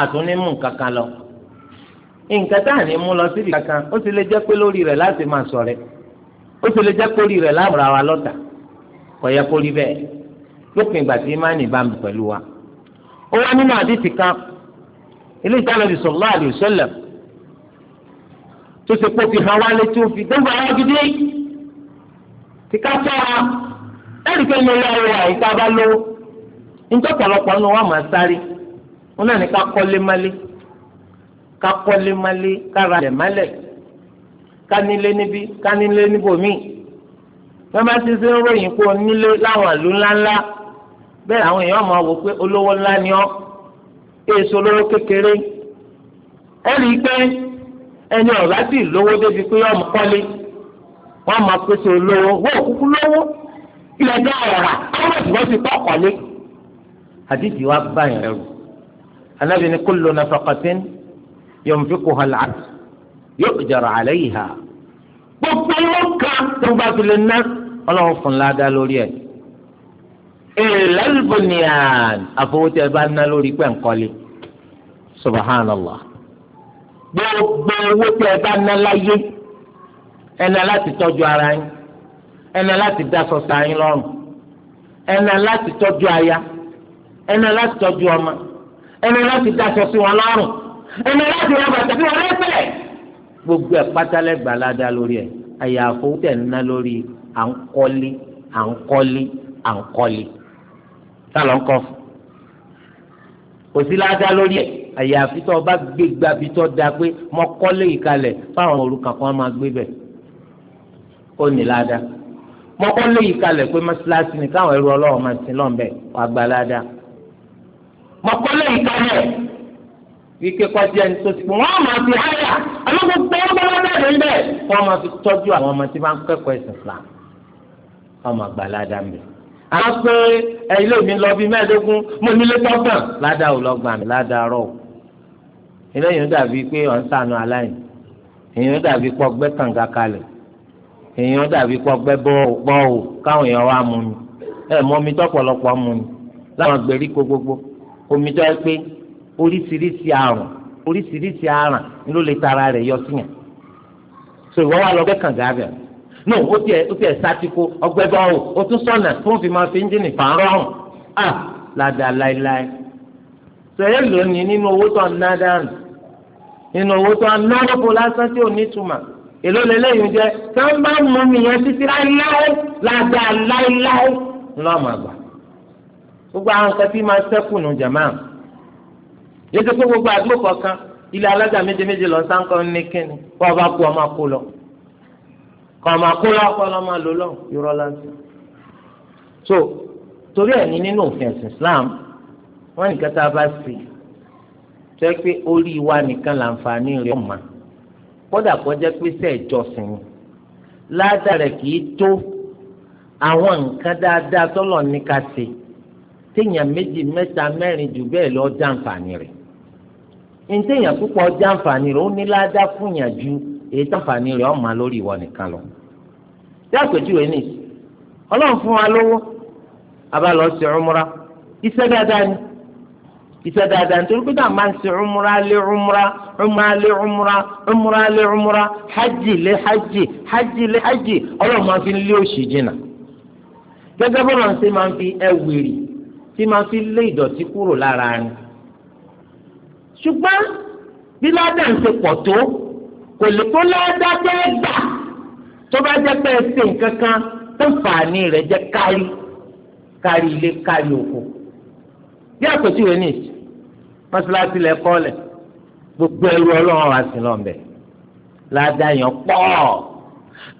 àtúní mú nǹkankan lọ nǹkan tá à ní mú lọ síbi kankan ó sì lè jẹ́ pé lórí rẹ̀ láti máa ṣọ̀rẹ́ ó sì lè jẹ́ pé lórí rẹ̀ láàmúra wa lọ́tà kò yẹ kó rí bẹ́ẹ̀ lópin ìgbà tí imáàní bá mi pẹ̀lú wa ó wá nínú àdìsí kan ilé ìtàn sallallahu alaihi tó ṣe kó fi hàn wá létí òfin gbogbo àwọn gidi ti ká sọ́ra ẹ̀rí pé ní ọlọ́run wa ìta bá lówó níjọ́ pọ̀lọpọ̀ nínú máa sáré wọn náà ní ká kọ́lé málé ká kọ́lé málé ká ra lẹ̀ málẹ̀ ká nílé níbí ká nílé níbòmíì wọ́n bá ti ṣe ń ròyìn pé láwọn ńláńlá bẹ́ẹ̀ àwọn èèyàn máa wò pé olówó ńlá ni ọ́ èso olówó ẹni ọ̀rá sì lówó débi pé ọmọ kọ́lé wọ́n máa pèsè olówó wọ́n kúkú lówó ilẹ̀ dá ọ̀rà àwọn ìbọn ti kọ́ kọ́lé. àdìsí wa bá yẹn rẹ rù anábì ní kullu nafaqatin yunfiquha al-'abd yu'jar 'alayha gbogbo owó kan tó bá fi lè ná ọlọ́run fún ládá lórí ẹ̀ ìlẹ́lbùnìyàn àfọwọ́tẹ́ bá ná lórí pẹ̀ǹkọ́lé subhanallah gbogbo owó tí ẹ bá ná láyé ẹ ná láti tọ́jú ara yín ẹ ná láti daṣọ sa yín lọ́rùn ẹ ná láti tọ́jú aya ẹ ná láti tọ́jú ọmọ ẹ ná láti daṣọ sí wọn lọ́rùn ẹ ná láti ra bàtà sí wọn lẹ́sẹ̀ gbogbo ẹ pátálẹ́gbà ládá lórí ẹ àyàfó tẹ̀ ń ná lórí à ń kọ́lé à ń kọ́lé à ń kọ́lé tá ń kọ́ fún kò sí ládàá lórí ẹ̀ àyàfi tó o bá gbé tó da pé mo kọ́lé ìkalẹ̀ fáwọn òrukàn kan máa gbé bẹ̀ ó ní ládàá mo kọ́lé ìkalẹ̀ pé mọ́ṣáláṣí ni káwọn ẹrú ọlọ́run máa sin lọ́nbẹ̀ wàá gba ládàá mo kọ́lé ìkalẹ̀ wíkẹ́ kọjá ẹni tó ti pọ̀ wọ́n máa fi háyà alóògùn tó ń bọ́ lọ́dọ̀ níbẹ̀ wọ́n máa fi tọ́jú àwọn ọmọ tí wọ́n máa ń kẹ́kọ̀ọ́ ẹ̀sìn fún wa wọ́n máa gba ládàá níbẹ̀. a pé ilé lọ bíi mẹ́ẹ̀ẹ́dógún mo lé tọ́gbọ̀n ládàá ò lọ́gbà mi ládàá rọ̀ eléyìí ó dàbí pé ọ̀ ń sànù aláìn èyí ó dàbí pọ̀ gbẹ́ kànga kalẹ̀ èyí ó dàbí pọ̀ gbẹ́ bọ́ọ̀ káwọn èèyàn wá mọ omi láwọn gbogbo omi ẹ pé oríṣiríṣi àrùn oríṣiríṣi àrùn ló yọ síyàn so wà lọ gbẹ́ kànga no ó tiẹ̀ ó tiẹ̀ sátìkó ọgbẹ́gbẹ́ ọ̀hún ó tún sọ̀nà tó ń fi máa fi ẹ́ńjìnì fà ń rọrùn à ah, ládàá láéláé. sẹ́yìn lónìí nínú owó tó ń ná dànù nínú owó tó ń ná lọ́pọ̀ lásán tí ò ní túmọ̀ èló lélẹ́yìn jẹ́ tí wọ́n bá mú mi yẹn títí láéláé ládàá láéláé ńlọ́mọ̀ àgbà. gbogbo àwọn kan tí máa sẹ́kù nù jàmá yẹ́n tó gbogbo àdúgbò kọ̀ọ̀kan ilé alága méje lọ sáńkọ́ ní kíni bá kú ọmọ kó lọ kọ̀ọ̀mà kó lọ kọ́ lọ́ máa lò lọ irọ́ lásán. so torí ẹ̀ ní nínú òfin ẹ̀sìn Islam wọ́n nìkan tá a bá sì jẹ́ pé orí wa nìkan làǹfààní rẹ̀ ọ̀ma kódà kó jẹ́ pé sẹ́ẹ̀jọsìn ni ládàá rẹ̀ kì í tó àwọn nǹkan dáadáa tọ́lọ̀ ní ká ṣe téèyàn méjì mẹ́ta mẹ́rin jù bẹ́ẹ̀ lọ jàǹfààní rẹ̀ ní téèyàn púpọ̀ jàǹfààní rẹ̀ ó ní ládàá fún yàn èyí tàǹfààní rẹ̀ ma lórí ìwọ nìkan lọ. bí àpèjúwe ní ọlọ́run fún wa lówó abá lọ sí ọmúra iṣẹ́ dáadáa ni iṣẹ́ dáadáa nítorí pé dáa máa ń ṣe ọmúra lé ọmúra ọmúra lé ọmúra ọmúra lé ọmúra hajj lé hajj hajj lé hajj ọlọ́run máa fi lé òṣì jìnnà gẹ́gẹ́ bọ́lá ń ṣe máa fi ẹ̀wìrì tí máa fi lé ìdọ̀tí kò lè tó lọ́dá tẹ́ gbà tó bá jẹ́ pé ẹ ṣe nǹkan kan tó fàání rẹ̀ jẹ́ kárí kárí ilé kárí oko. bí àpótí rẹ̀ ní ìsìn mọ́ṣáláṣí lẹ kọ́lẹ̀ gbogbo ẹrú ọlọ́run wá sí lọ́nbẹ̀ ládàá yẹn pọ̀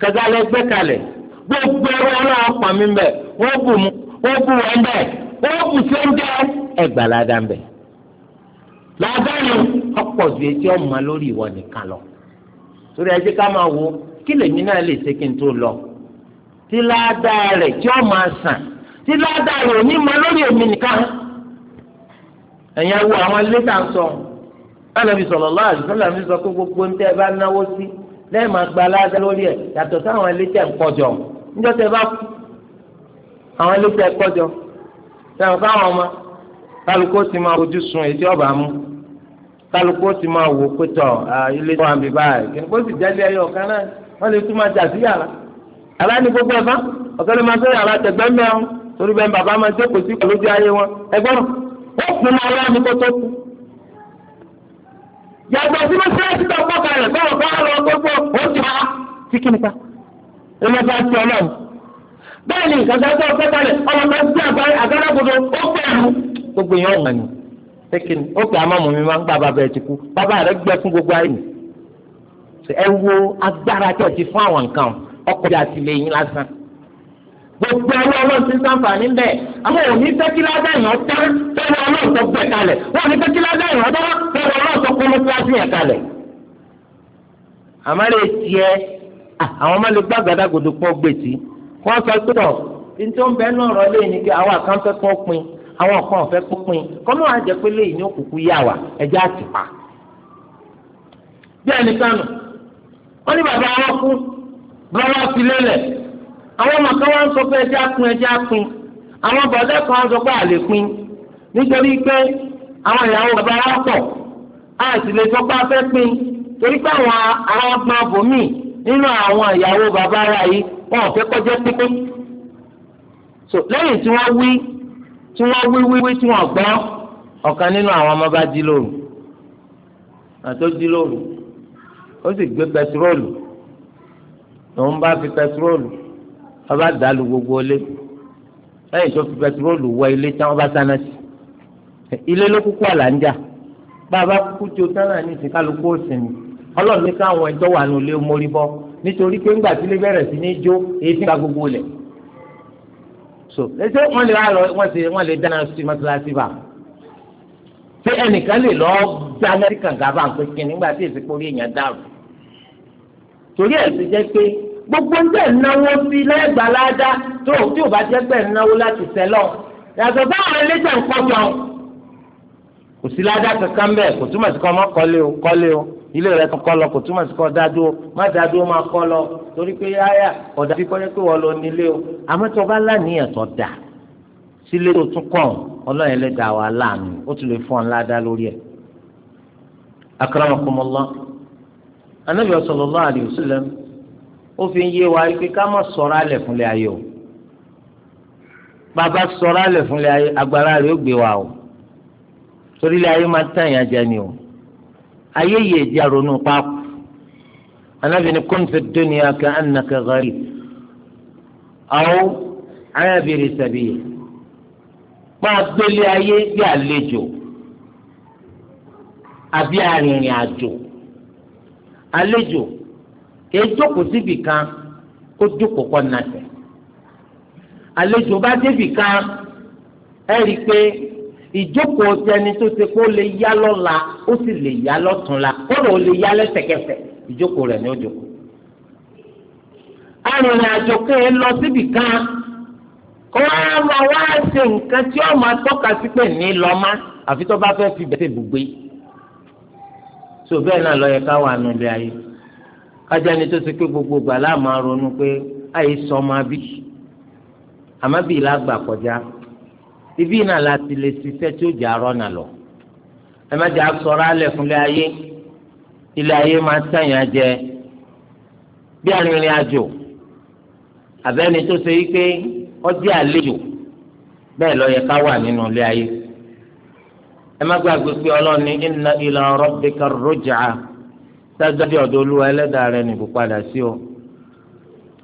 kẹta lẹ gbé kalẹ̀ gbogbo ẹrú ọlọ́run pọ̀ mí bẹ̀ wọ́n bù wọ́n bù wọ́n bẹ̀ wọ́n bù sẹ́ńdẹ́ ẹgbàá ládàá bẹ̀ ládàá yẹn ọ̀pọ̀ ju etí ọ̀ma torí ẹ jẹ́ ká máa wo kí lèmi náà lè ṣe kí n tó lọ tí ládàá rẹ̀ tí ó máa sàn tí ládàá rẹ̀ ò ní ma lórí èmi nìkan ẹ̀yin awo àwọn ilé tá à ń sọ Ànábì sallallahu alaihi wasallam sọ pé gbogbo ń tẹ́ ẹ bá náwó sí lẹ́yìn máa gba ládàá lórí ẹ̀ yàtọ̀ sáwọn ilé tẹ̀ ń kọjọ níjọ́ tẹ́ bá kú àwọn ilé tẹ̀ kọjọ sẹ́wọ̀n káwọn ọmọ kálukó ti máa ojú sun èyí tí ọba mú kálukú ó ti máa wò pé tọ ilé tó wà ń bì báyìí kí ni kó sì jẹ́lé ẹyọ kan náà wọ́n lè tún máa jà sí yàrá yàrá ni gbogbo ẹ̀fá ọ̀kẹ́lẹ́ máa sọ yàrá tẹ̀gbẹ́ mẹ́rin torí bẹ́ẹ̀ bàbá máa jókòó sí ìkọlójú ayé wọn ẹgbọ́n ó fún un ọlọ́run ní kó tó kú. yàgbọ́n tí wọ́n fẹ́ẹ́ síta pọ̀ kalẹ̀ báwọn bá lọ gbogbo ó ti wá sí kí nípa ẹ lọ́ bá ti ọlọ́run. bẹ́ẹ̀ ni ìkàtà tó ọkọ̀ kalẹ̀ ọmọ kan sí àgbáyé àgádágodo ó pékin ó pè amámu mi máa ń gbà bàbá ẹ ti kú bàbá rẹ gbẹ fún gbogbo ayé mi ẹ wo agbára tí ẹ ti fún àwọn nǹkan ọkọ bí àtìlẹ́yìn lásán gbogbo ẹni ọlọ́run ti sàǹfààní ń bẹ̀ àmọ́ òní tẹ́kíládà èèyàn tẹ́ fẹ́rẹ̀ ọlọ́run tó gbẹ kalẹ̀ wọ́n ní tẹ́kíládà èèyàn tọ́ fẹ́rẹ̀ ọlọ́run tó kún kíláàsì yẹn kalẹ̀. àmàlẹ́ tiẹ̀ àwọn ọmọ lè gbá gàdàgodo pọ̀ gbèsè wọ́n sọ pé tọ̀ àwọn kan ọ̀fẹ́ pínpín kọ́mọ́ àjẹpé pé ní òkùnkù yà wá ẹja pa. bí ẹni kánò wọ́n ní bàbá wọn kú fi lélẹ̀ àwọn ọmọ kan wá ń sọ pé ẹja pin àwọn bọ̀dá kan sọ pé àlè pin nítorí pé àwọn ìyàwó bàbá pọ̀ fẹ́ pin torí àwọn àwọn tí wọ́n wí wíwí tí wọ́n gbọ́ ọ̀kan nínú àwọn ọmọ bá jí lóru àtó jí lóru ó sì gbé pẹtiróòlù lòun bá fi pẹtiróòlù wọ́n bá dàlù gbogbo ilé lẹ́yìn tó fi pẹtiróòlù wọ ilé tí wọ́n bá sáná sí ilé ló kúkú àlàńjà bàbá kúkú tí o sáná ní ìsìn òsìnì ọlọ́run ní káwọn ẹjọ́ wà nù lé mórí bọ́ nítorí pé ńgbà tí bẹ̀rẹ̀ sí ní jó èyí ti ka gbogbo lẹ̀ so ẹsẹ wọn lè lọ wọn sì wọn lè dáná sí mọ́ṣáláṣí bá ṣé ẹnìkan lè lọ gba amẹ́ríkà gàba nǹkan kí nígbà tí èsì kórè èèyàn dàrú torí ẹ̀ sì jẹ́ pé gbogbo ńdẹ̀ náwó sí lẹ́gbàá ládàá tó tí ò bá jẹ́ pẹ̀ náwó láti sẹ́lọ̀ yàtọ̀ báwọn ẹlẹ́jà ń kọ́ jọ kò sí ládàá kankan bẹ́ẹ̀ kò túmọ̀ sí kọ́ ọmọ kọ́lé o kọ́lé o ilé rẹ̀ kọ́ lọ kò túmọ̀ sí kọ́ dádúró má dádúró má kọ́ lọ torí pé yáyà ọ̀dà bí kọ́lé pé wọ́n lọ nílé o àmọ́ tí ọba láníyàn tó dà sílé tó tún kàn ọlọ́run ẹlẹ́dàá wa láàánú ó tún lè fún ọ ládàá lórí ẹ̀. akramakumullah anabi sallallahu alaihi wasallam ó fi ń yé wa pé ká má sọ̀rọ̀ alẹ̀ fúnlẹ̀ ayé o bàbá sọ̀rọ̀ alẹ̀ fúnlẹ̀ ayé agbára rẹ̀ torí ilé ayé máa tán ìyá jẹ ni o ayé yìí èdè àrònú pápá anábì ni kun fi dunya ka annaka gharib aw abir sabil máa gbélé ayé bí àlejò àbí arìnrìn àjò àlejò kì í jókòó síbì kan kó jókòó kọ́ nàṣẹ àlejò bá débì kan ẹ pé. ìjókòó ti ẹni tó ṣe kó lè yá lọ́la ó sì lè yá lọ́túnla kódà ó lè yá lẹ́sẹ̀kẹsẹ̀ ìjókòó rẹ̀ ni òjò. arìnrìn àjò pé ń lọ síbì kan kó wá lọ ṣe nǹkan tí ó máa tọ́ka sí pé ní lọ má àfi tó bá fẹ́ fi bẹ̀rẹ̀ bùgbé. tó bẹ́ẹ̀ náà lọ́yẹ ká wà gbogbo gbàlá máa ronú pé àyè sọ àmọ́ bí ìlà àgbà kọjá. ibi náà láti lè ṣiṣẹ́ tí ó jẹ́ arọ́ náà lọ. ẹ má jẹ́ asọ̀rọ̀ alẹ̀ fúnlẹ̀ ayé ilé ayé máa tẹ̀yàn jẹ bí arìnrìn àjò àbẹ́ni tó ṣe wípé ọjọ́ àlejò bẹ́ẹ̀ lọ yẹ ká wà nínú ilé ayé. ẹ má gbàgbé pé ọlọ́ni inna ila rabbika ruj'a sáájú ọ̀dọ̀ olúwa ẹlẹ́dàá rẹ̀ nìbò padà sí ọ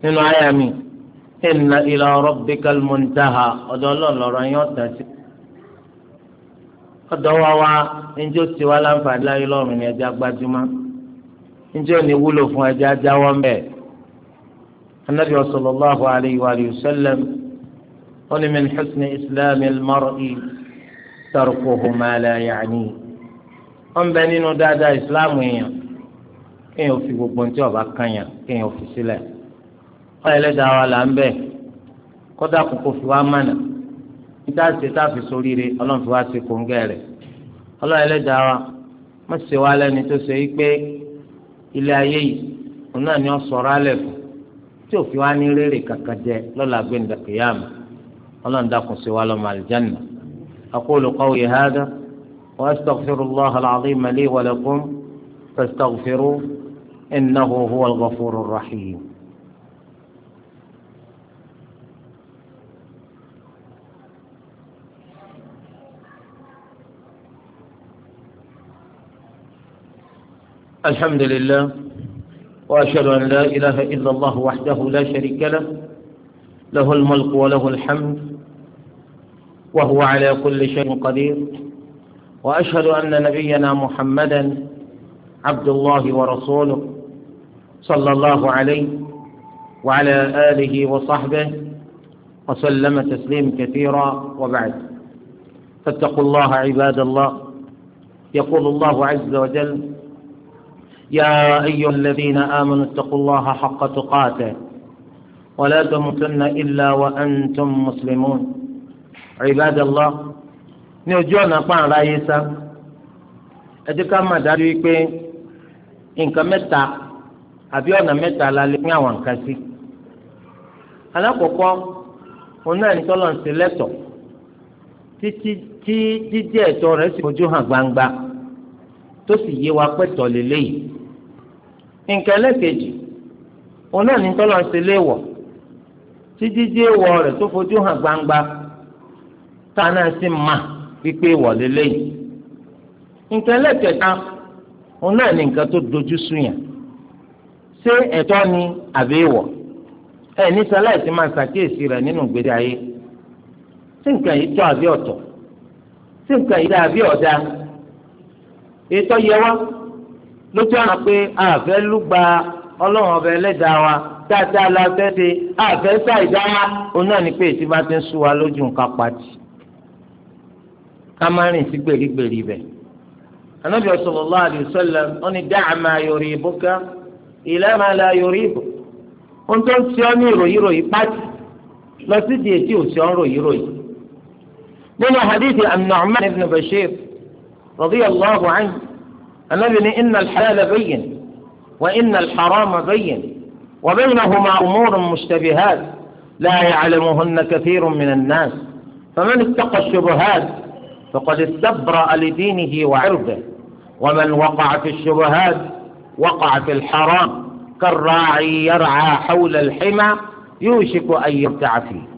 nínú àyà mi inna ila rabbikal muntaha ọ̀dọ̀ Ọlọ́run lọ̀rọ̀ yín ọtàn sí ọ̀dọ̀ wa wa njẹ o ti wa láǹfààní láyé lọ́rùn ni ẹja gbajúmọ̀ njẹ o ní wúlò fún ẹja jáwọ́ mbẹ anabi sallallahu alayhi wa sallam ó ní min husni islami almar'i tarkuhu ma la ya'ni wọn bẹ nínú dáadáa ìsìláàmù èèyàn kéèyàn fi gbogbo ntí ọba kàn kéèyàn fi sílẹ̀ wọ́n ẹlẹ́dàá wa là ń bẹ̀ kọ́dà kókó fi wá mànà níta ṣe tá a fi soríire ọlọ́run fi wá ṣe kóńgẹ́ rẹ̀ ọlọ́run ẹlẹ́dàá wa má ṣe wá lẹ́ni tó ṣe yí pé ilé ayé yìí òun náà ni ó sọ̀rọ̀ alẹ́ fún tí òfin wa ní rere kankan jẹ lọ́la gbẹ̀ndà ọlọ́run dàkún ṣe wá lọ́mọ àlìjáná aqulu qawli hada wa astaghfirullaha al-azima li wa lakum fastaghfiruhu innahu huwal ghafurur rahim. الحمد لله وأشهد أن لا إله إلا الله وحده لا شريك له له الملك وله الحمد وهو على كل شيء قدير وأشهد أن نبينا محمدا عبد الله ورسوله صلى الله عليه وعلى آله وصحبه وسلم تسليم كثيرا وبعد فاتقوا الله عباد الله يقول الله عز وجل يا أيها الذين آمنوا اتقوا الله حق تقاته ولا تموتن إلا وأنتم مسلمون عباد الله نرجونا فان رئيسا أدكا ما داري كي إنك متى أبيونا متى لالك نعوان كاسي أنا كوكو هنا نتولن سيلتو títí tí تي تي rẹ̀ sì fojú hàn gbangba tó sì yé wa pẹ̀tọ́ nǹkan ẹlẹ́kejì òun náà ní tọ́lọ̀ ṣe léèwọ̀ tí jíjí èèwọ̀ rẹ̀ tó fojú hàn gbangba tá a náà sì mà pípé èèwọ̀ lélẹ́yìn nǹkan ẹlẹ́kẹta òun náà ní nǹkan tó dojú ṣé ẹ̀tọ́ ni àbí ní máa ṣàkíyèsí rẹ̀ nínú ìgbésí ayé nǹkan yìí tọ́ àbí ọ̀tọ̀ nǹkan yìí dá àbí ọ̀dá ètò lójú ọ̀nà pé àfẹ́ lùgbà ọlọ́run ọba ẹlẹ́dàá wa dáadáa la fẹ́ ṣe àfẹ́ ṣàìdá wa òun náà ni pé èsì bá ti ń sú wa lójú nǹkan pàtì ká má rìn sí gbèrígbèrí bẹ̀. anábì sallallahu alaihi wasallam ó ní dá' mā tó ń ṣe ní ìròyìnròyìn pàtì lọ sí di ń ròyìnròyìn. nínú النبي إن الحلال بين وإن الحرام بين وبينهما أمور مشتبهات لا يعلمهن كثير من الناس فمن اتقى الشبهات فقد استبرأ لدينه وعرضه ومن وقع في الشبهات وقع في الحرام كالراعي يرعى حول الحمى يوشك أن يرتع فيه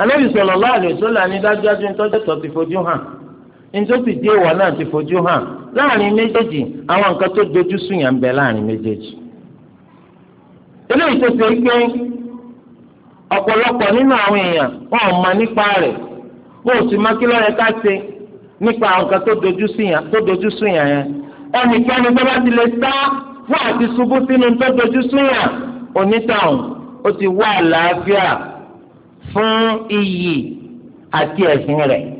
النبي صلى الله عليه وسلم اذا إذا جاء تجد تفجها nítòsí dé ìwọ náà ti fojú hàn láàrin méjèèjì àwọn nǹkan tó dojú sùn yàn ń bẹ láàrin méjèèjì. eléyìí tó ṣe pé ọ̀pọ̀lọpọ̀ nínú àwọn èèyàn wọn ò mọ nípa rẹ̀ bó o sì má kí lọ́yẹ ká ṣe nípa àwọn nǹkan tó dojú sùn yàn yẹn. ti lè sá fún àti ṣubú sínú tó dojú sùn yàn onítàn ó ti wá àlàáfíà fún iyì àti ẹ̀sìn rẹ̀.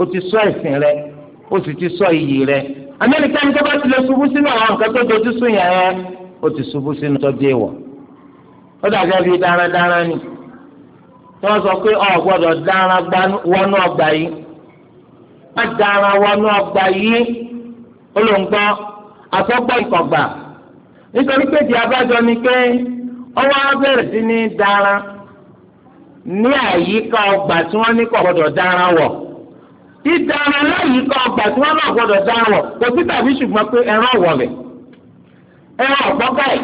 o ti sọ ẹ̀sìn rẹ o sì ti sọ iyì rẹ amẹ́ríkà ní tọ́ba ti lè ṣubú sínú àwọn nǹkan tó dojú sùn yẹn o ti ṣubú sínú tọ́jú ìwọ̀ ó dàgbà bíi dáradára ni tí sọ pé ọ̀ gbọ́dọ̀ dára wọnú ọgbà yìí má dára wọnú ọgbà yìí ó ló ń gbọ́ àtọ́gbọ́ ìkọ̀gbà nítorí pé di abájọ ni pé ọwọ́ abẹ́rẹ́ sí ní dára ní àyíká ọgbà tí wọ́n ní dídára láyìí kan ọgbà tí wọ́n náà gbọ́dọ̀ dá wọ̀ kò sí tàbí ṣùgbọ́n pé ẹran wọ̀lẹ̀ ẹran ọ̀gbọ́n báyìí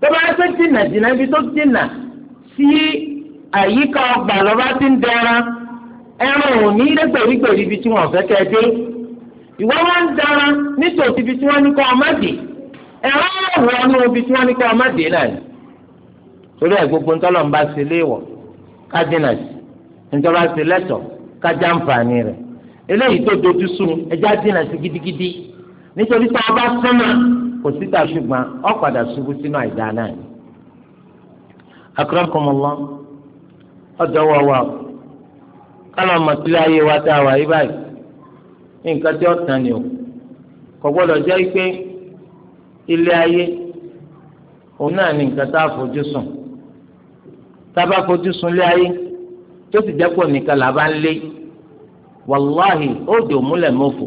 tó bá yẹ pé dìnnà dìnnà ibi tó dìnnà sí àyíká ọgbà lọ́ba ti ń dẹran ẹran ò ní ilé gbèrígbèrí ibi tí wọ́n fẹ́ kẹ́ dé ìwọ wọn ń dara nítòsí ibi tí wọ́n ní kọ́ ọmọ dè ẹ̀rọ ọ̀wọ́ ní ibi tí wọ́n ní kọ́ ọmọ dè náà torí ẹ̀ gbogbo ńtọ́lọ́ ń bá ṣe léèwọ̀ ká dínà sí ńtọ́lọ́ kájá nfààní rẹ̀ eléyìí tó dojú sú mi dínà sí gidigidi nítorí tó ọba sọ́nà kò síta ọ padà ṣubú sínú àìdá náà ni. akọ́nàkọ́mọlọ́ ọ̀dọ́ wa wa kálọ̀ mọ̀tílẹ̀ ayé wa tá a wà yí báyìí nǹkan tí ó tàn ní o kò pé ilé ayé òun náà ni nǹkan tá a fojú sùn tá a bá fojú tó sì jẹ́pọ̀ nìkan là bá ń lé wàláhì ó di òmúlẹ̀ mọ́fò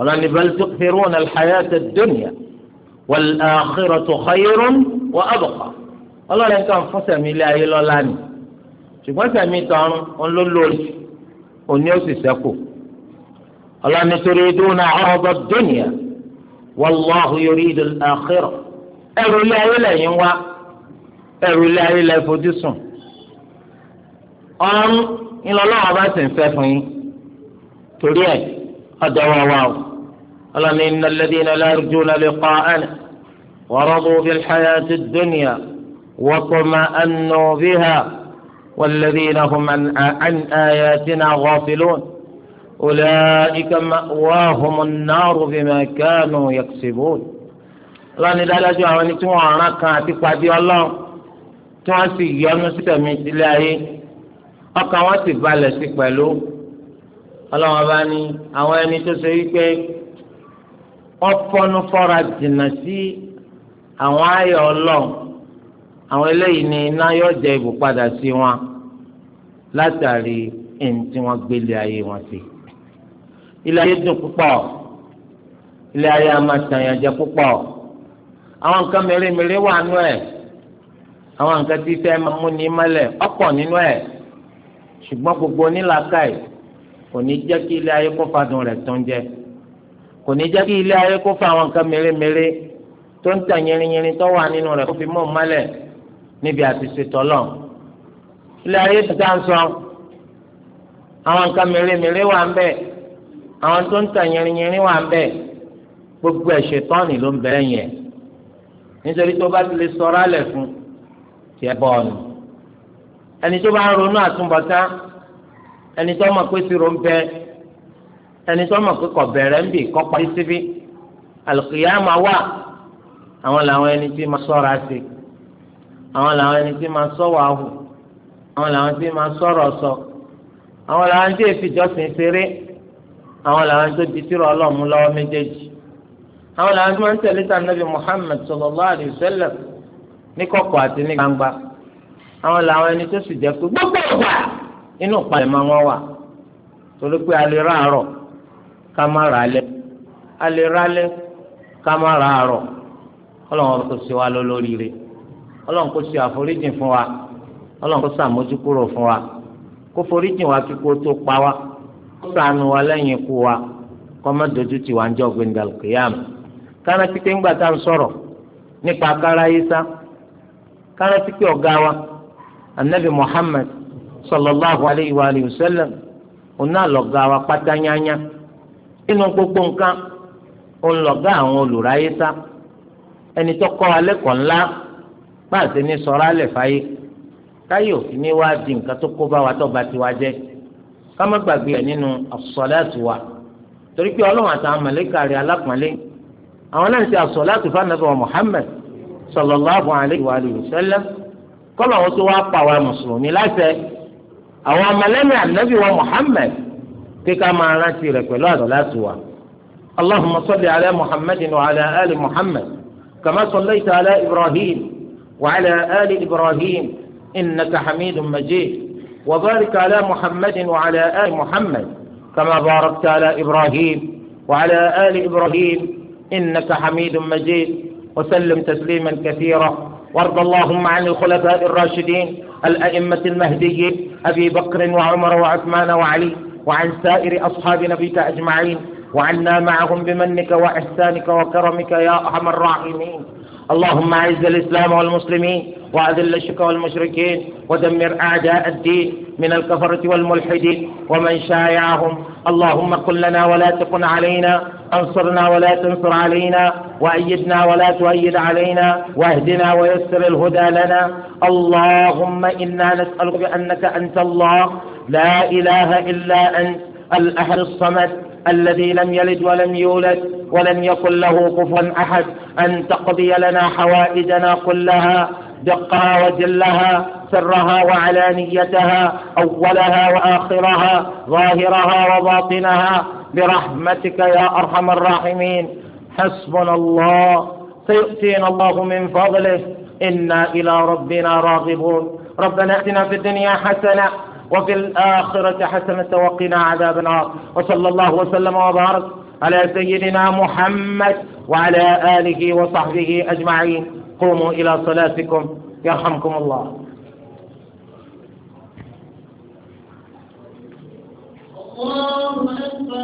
ọlọ́ni bal tu'thiruna al-hayata ad-dunya wal-akhiratu khayrun wa abqa ọlọ́run kan fún sẹ̀mí ilé ayé lọ́la ni ṣùgbọ́n sẹ̀mí tọrun òun ló lórí òní ó sì sẹ́kù ọlọ́ni turiduna 'arda ad-dunya wallahu yuridu al-akhirah ẹrù ilé ayé lẹ́yìn wá ẹrù ilé ayé lẹ́ ọ̀run ńlọlọ́wọ́ bá sì ń fẹ́ fún yín torí ẹ̀ ọ̀dọ̀ wọn wà o ọlọ́ni innal ladina la yarjuna liqa'ana wa radu bil hayati dunya wa tuma'annu biha والذين هم عن, عن آياتنا غافلون أولئك مأواهم النار بما كانوا يكسبون lọ́ni dájú àwọn ẹni tí wọ́n rán kan àti pàdé ọlọ́run tí wọ́n sì yọnu sí tẹ̀mí sílé ayé ọkàn wọn sì balẹ̀ sí pẹ̀lú ọlọ́wọ́n bá ní àwọn ẹni tó ṣe wípé ọpọnu fọra jìnnà sí àwọn ayọ̀ ọlọ́run àwọn eléyìí ni iná yóò jẹ ibùpadà sí wọn látàrí ẹni tí wọ́n gbélé ayé wọn sí. ilé ayé dùn púpọ̀ ilé ayé a máa tàyàn jẹ púpọ̀ àwọn nǹkan mèremère wà nú ẹ̀ àwọn nǹkan tí fẹ́ mú ní mọ́lẹ̀ ọ̀pọ̀ nínú ẹ̀ ṣùgbọ́n gbogbo onílàákàyè kò ní jẹ́ kí ilé ayé kó fadùn rẹ̀ tó ń jẹ kò ní jẹ́ kí ilé ayé kó fa àwọn nǹkan mèremère tó ń tà yẹrinyẹrin tó wà nínú rẹ̀ kó fi mọ́ mọ́lẹ̀ níbi àti ṣètò lọ. ilé ayé tó dá ń sọ àwọn nǹkan mèremère wà ń bẹ àwọn tó ń tà yẹrinyẹrin wà ń bẹ gbogbo ẹ̀ ṣètọ́ọ̀nì ló ń bẹ̀rẹ̀ yẹn nítorí tó bá ti lè sọ̀rọ̀ alẹ̀ fún tiẹ̀ bọ́ọ̀nù ẹni tó bá ń ronú àtúbọ̀tán ẹni tó mọ̀ pé sírò ń bẹ ẹni tó mọ̀ pé kọ̀ bẹ̀rẹ̀ ń bì kọ́ parí síbí àlùkìyàmà wà àwọn làwọn ẹni tí máa sọ́ra sí àwọn làwọn ẹni tí máa sọ́wọ́ àwù àwọn làwọn tí máa sọ̀rọ̀ sọ àwọn làwọn tí èsì ṣeré àwọn làwọn tó di tìrọ ọlọ́mú lọ́wọ́ méjèèjì àwọn làwọn tí máa ń tẹ̀lé tàn nàbì Muhammad sallallahu alaihi wasallam ní kọ̀kọ̀ àti ní gbangba. àwọn làwọn ẹni tó sì jẹ́ pé gbogbo ọgbà inú ìpalẹ̀mọ́ wọn wà torí pé a lè ra àárọ̀ ká má a lè ra alẹ́ ká má kò sí wa lólóríire ọlọ́run kò sí àforíjìn fún wa ọlọ́run kò sàmójúkúrò fún wa kó foríjìn wa kíkó tó pa wa kó ṣàánú wa lẹ́yìn ikú wa kó má dojú anabi muhammad sallallahu alayhi wa alayhi wa sallam ọ̀nà lọ̀gá wa pátá yányá inú gbogbo nǹkan òun lọ̀gá àwọn olùráyé sá ẹni tó kọ́ wa lẹ́kọ̀ọ́ ńlá bá a ṣe ní sọ̀rọ̀ alẹ̀ fáyé káyé òfin ní wá di nǹkan tó kó bá wa tó ba tiwa jẹ́ ká má gbàgbé ẹ̀ nínú àsọ̀láàtù wa torí pé ọlọ́run àtàwọn mọ̀lẹ́kà rẹ̀ alápọ̀nlé àwọn náà ń ṣe àsọ̀láàtù fún anabi wa muhammad sallallahu alayhi wa alayhi wa sallam. kọ́lọ̀ wọn tó wáá pa àwọn mùsùlùmí láṣẹ àwọn ọmọlẹ́yìn ànábì wa muhammed kíkà máa rántí rẹ̀ pẹ̀lú àdọ́lá tó wà. اللهم صل على محمد وعلى آل محمد كما صليت على إبراهيم وعلى آل إبراهيم إنك حميد مجيد وبارك على محمد وعلى آل محمد كما باركت على إبراهيم وعلى آل إبراهيم إنك حميد مجيد وسلم تسليما كثيرا وارض اللهم عن الخلفاء الراشدين الأئمة المهديين أبي بكر وعمر وعثمان وعلي وعن سائر أصحاب نبيك أجمعين وعنا معهم بمنك وإحسانك وكرمك يا أرحم الراحمين اللهم أعز الإسلام والمسلمين وأذل الشرك والمشركين ودمر أعداء الدين من الكفرة والملحدين ومن شايعهم اللهم قل لنا ولا تكن علينا انصرنا ولا تنصر علينا وأيدنا ولا تؤيد علينا واهدنا ويسر الهدى لنا اللهم إنا نسألك بأنك أنت الله لا إله إلا أنت الأحد الصمد الذي لم يلد ولم يولد ولم يكن له كفوا أحد أن تقضي لنا حوائجنا كلها دقها وجلها سرها وعلانيتها أولها وآخرها ظاهرها وباطنها برحمتك يا أرحم الراحمين حسبنا الله سيؤتينا الله من فضله إنا إلى ربنا راغبون ربنا اتنا في الدنيا حسنة وفي الآخرة حسنة وقنا عذاب النار وصلى الله وسلم وبارك على سيدنا محمد وعلى آله وصحبه أجمعين قوموا إلى صلاتكم يرحمكم الله الله